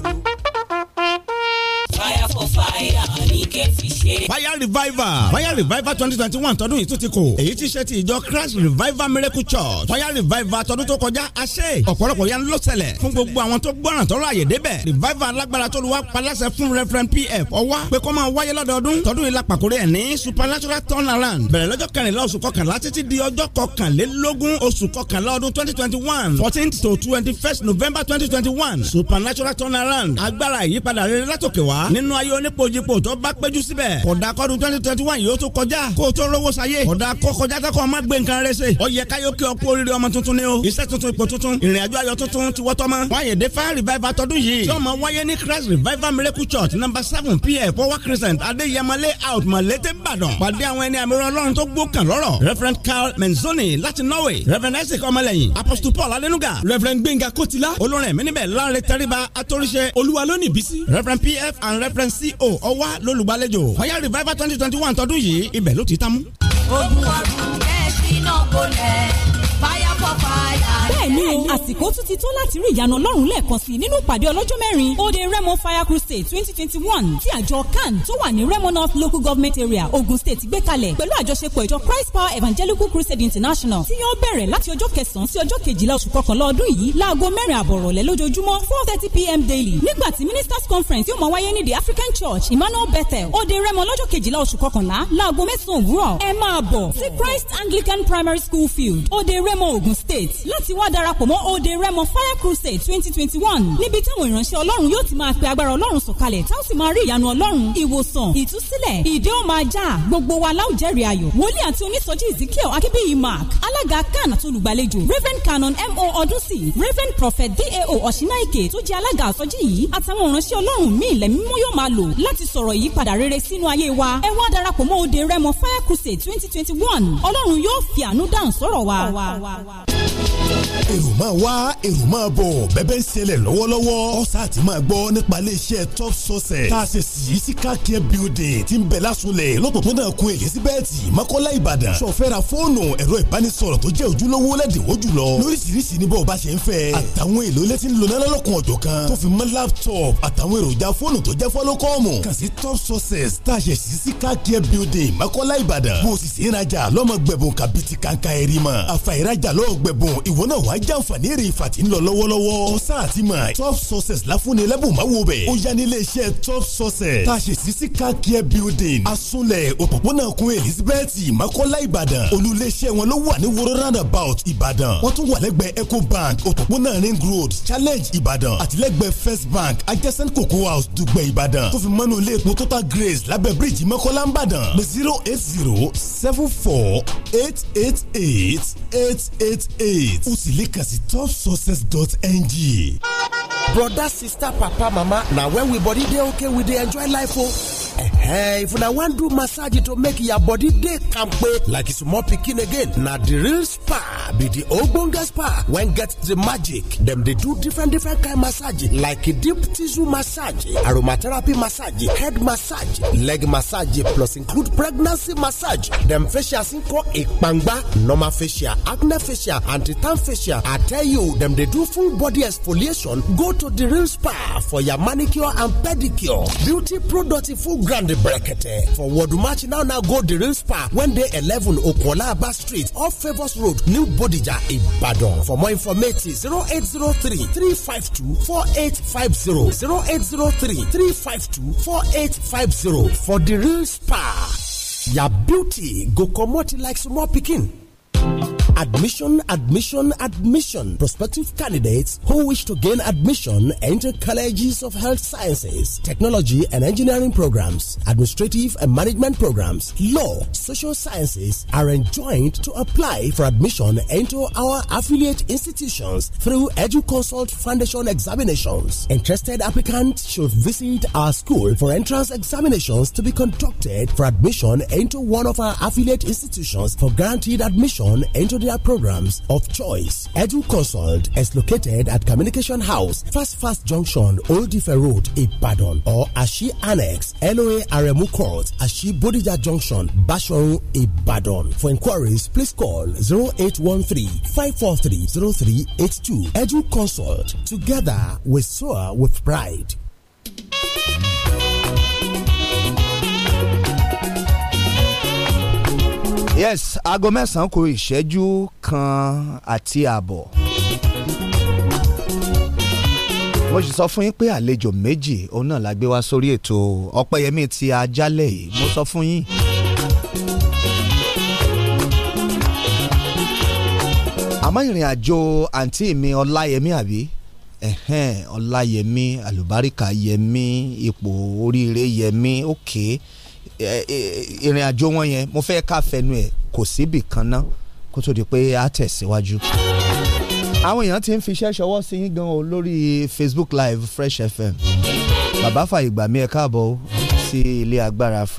kẹ́ fi ṣe. fire revival fire revival twenty twenty one tọdún yìí tún ti kò èyí ti ṣe ti ìjọ christ revival miracle church fire revival tọdún tó kọjá a ṣe ọ̀pọ̀lọpọ̀ yẹn ló ṣẹlẹ̀ fún gbogbo àwọn tó gbọ́ràn tọ́lọ́ àyè débẹ̀ revival alágbára tó lu wá paláṣẹ fún referent pf ọwá pé kó máa wáyé lọ́dọọdún tọdún yìí la pàkórè ẹ̀ ní supernatural turnaround bẹ̀rẹ̀ lọ́jọ́ kẹrìnlá oṣù kọkànlá títí di ọjọ́ kọkànlélógún oṣù kọkànlá ọdún twenty twenty one fourteen to twenty first november twenty twenty one supernatural turnaround agbára ìyípadà rere látòkè wá nínú ayé onípojípo tó bá p péjú síbẹ̀ kódà kọ́dún twenty twenty one yóò tó kọjá kó o tó rówó sayé kódà kó kọjá tó kọ́ gbé nǹkan rẹ ṣe ó yẹ káyọ̀ kí ọkú oríire ọmọ tuntun ni o iṣẹ́ tuntun ipò tuntun ìrìn àjò ayọ̀ tuntun ti wọ́tọ́ mọ́ wáyéde fire revival tọdún yìí tí ó máa wáyé ní Christ revival miracle church number seven pm power crescent adéyẹmọlé out malete Ìbàdàn pàdé àwọn ẹni àmì Ọlọ́run tó gbó kàn lọ́rọ̀ Carl Menzoni láti Norway reverend Isaac ọmọlẹ́yìn apostle Paul Alenuga reverend Benga Kotila olórin ẹ̀mí níbẹ̀ láre tẹ́ríba atóríṣẹ́ olúwa lónìí bísí reverend pf and reverend co ọwá lólùgbà gbàlejò ọ̀yá revival twenty twenty one tọdún yìí ibẹ̀ ló ti tán ogun ọdún kẹ́sì náà kò lẹ̀ ní o. àsìkò tún ti tó láti rí ìyanu ọlọ́run lẹ́ẹ̀kan sí nínú ìpàdé ọlọ́jọ́ mẹ́rin òde remo fire crusade twenty twenty one tí àjọ can tó wà ní remo north local government area ogun state gbé kalẹ̀ pẹ̀lú àjọṣepọ̀ ìjọ christ power evangelical crusade international tí yóò bẹ̀rẹ̀ láti ọjọ́ kẹsàn-án sí ọjọ́ kejìlá oṣù kọkànlá ọdún yìí láago mẹ́rin àbọ̀rọ̀lẹ́ lójoojúmọ́ four thirty pm daily nígbà tí ministers conference yóò máa wáyé ní the african church emmanuel bethel Ode remo lọ́jọ́ kejìlá oṣù kọkànlá láago mẹ́sàn-án òwúrọ̀ ẹ máa bọ̀ sí christ anglican primary school field Ode remo ogun state láti wá dar darapọ̀ mọ́ òde rẹ́mọ fire crusade twenty twenty one níbi táwọn ìránṣẹ́ ọlọ́run yóò ti máa fi agbára ọlọ́run sọ̀kalẹ̀ tá ó sì máa rí ìyanu ọlọ́run ìwòsàn ìtúsílẹ̀ ìdè ó máa já gbogbo wa láwùjẹ́rì ayọ̀ wòlíì àti onísọjí ezekiel akínbíyì mark alága kan àti olùgbàlejò reverend canon mo ọdúnsì reverend prophet dao ọ̀ṣínáìkè tó jẹ́ alága àsọjí yìí àtàwọn ìránṣẹ́ ọlọ́run míì lẹ́mí mú yóò máa lò láti sọ̀rọ̀ ìyípadà rere sínú ayé fire crusade twenty twenty one ọlọ́run yóò fi èrò máa wá èrò máa bọ̀ bẹ́bẹ́ ń ṣẹlẹ̀ lọ́wọ́lọ́wọ́ ọ̀sà àti máa gbọ́ nípa iléeṣẹ́ top sources tá a ṣe sí sika building ti ń bẹ̀ lásunlẹ̀ lọ́pọ̀pọ̀nà kun elizabeth makola ìbàdàn sọ̀fẹ́ra fóònù ẹ̀rọ ìbánisọ̀rọ̀ tó jẹ́ ojúlówó lẹ́dínwó jùlọ lóríṣiríṣi ní bọ́ọ̀ bá ṣe ń fẹ́ àtàwọn èlò ilé tí ń lò náà lọ́kùn ọ̀jọ̀ kan tó fi mọ́ laptop àtàwọn èròjà fóònù tó jẹ́ fọ́lọ́kọ́ọ̀mù top sources tá a ṣe building makola ìbàdàn bó o sì sí ìrajà lọ́mọ gbẹ̀bùn kàbìtì kàǹkà ẹ̀rì mọ́ àfàìrajà lọ́ọ̀ gbẹ̀bùn wàá jàǹfààní èrè ìfàtí ń lọ lọ́wọ́lọ́wọ́ ọ̀sán àti mà top success láfúnni ẹlẹ́bùnmáwo bẹ̀ ó yá nílé iṣẹ́ top success tá a ṣe sí sí car care building asunlẹ̀ òpópónà kun elizabeth makola ìbàdàn olùléeṣẹ́ wọn ló wà ní woro roundabout ìbàdàn wọ́n tún wà lẹ́gbẹ̀ẹ́ ecobank òpópónà ring road challenge ìbàdàn àtìlẹ́gbẹ̀ẹ́ first bank adjacent cocoa house dùgbẹ̀ ìbàdàn tó fi mọ́nú ilé epo total grace lábẹ́ bíríìjì mọ́kọ́lá ń bàdàn pé zero eight zero seven four eight eight eight eight eight eight ó sì lè ẹ kàn sí topsuccess.ng. Brother, sister papa mama na when we body dey okay we dey enjoy life o oh. Hey, if una want do massage to make your body dey kampe like it's more picking again Now the real spa be the Obonga spa When get the magic them dey do different different kind massage like deep tissue massage aromatherapy massage head massage leg massage plus include pregnancy massage dem facials nkọ ìpangba normal facial acne facial anti-tan facial i tell you them dey do full body exfoliation go to the real spa for your manicure and pedicure. Beauty product full grand brekete. For Wadumachi now now go the real spa Wednesday they 11 Okolaba Street off Favors Road, New Bodija, Ibadan. For more information 0803 352 4850 0803 352 4850 for the real spa. Your beauty go commodity like small picking. Admission, admission, admission. Prospective candidates who wish to gain admission enter colleges of health sciences, technology and engineering programs, administrative and management programs, law, social sciences are enjoined to apply for admission into our affiliate institutions through EduConsult Foundation examinations. Interested applicants should visit our school for entrance examinations to be conducted for admission into one of our affiliate institutions for guaranteed admission into the media programs of choice. Edu Consult is located at Communication House, Fast Fast Junction, Old Ife Road, Ibadan, or Ashi Annex, LOA Aremu Court, Ashi Bodija Junction, Bashorun, Ibadan. For inquiries, please call 0813 543 0382. Edu Consult, together with SOA with pride. yes aago mẹ́sàn-án kò ìṣẹ́jú kan àti ààbọ̀ mo sì sọ fún yín pé àlejò méjì òun náà la gbé wá sórí ètò ọpẹ́yẹmí ti ajálẹ̀ yìí mo sọ fún yín. àmọ́ ìrìn àjò àǹtí mi ọláyẹmí àbí ọláyẹmí àlùbáríkà yẹmí ipò oríire yẹmí òkè. Okay ìrìn àjò wọn yẹn mo fẹ́ ká fẹnu ẹ̀ kò síbì kan ná kó tó di pé a tẹ̀síwájú. àwọn èèyàn ti ń fiṣẹ́ ṣọwọ́ sí yín gan o lórí Facebook Live Fresh FM bàbá fàyè gbà mí ẹ káàbọ̀ sí ilé agbára.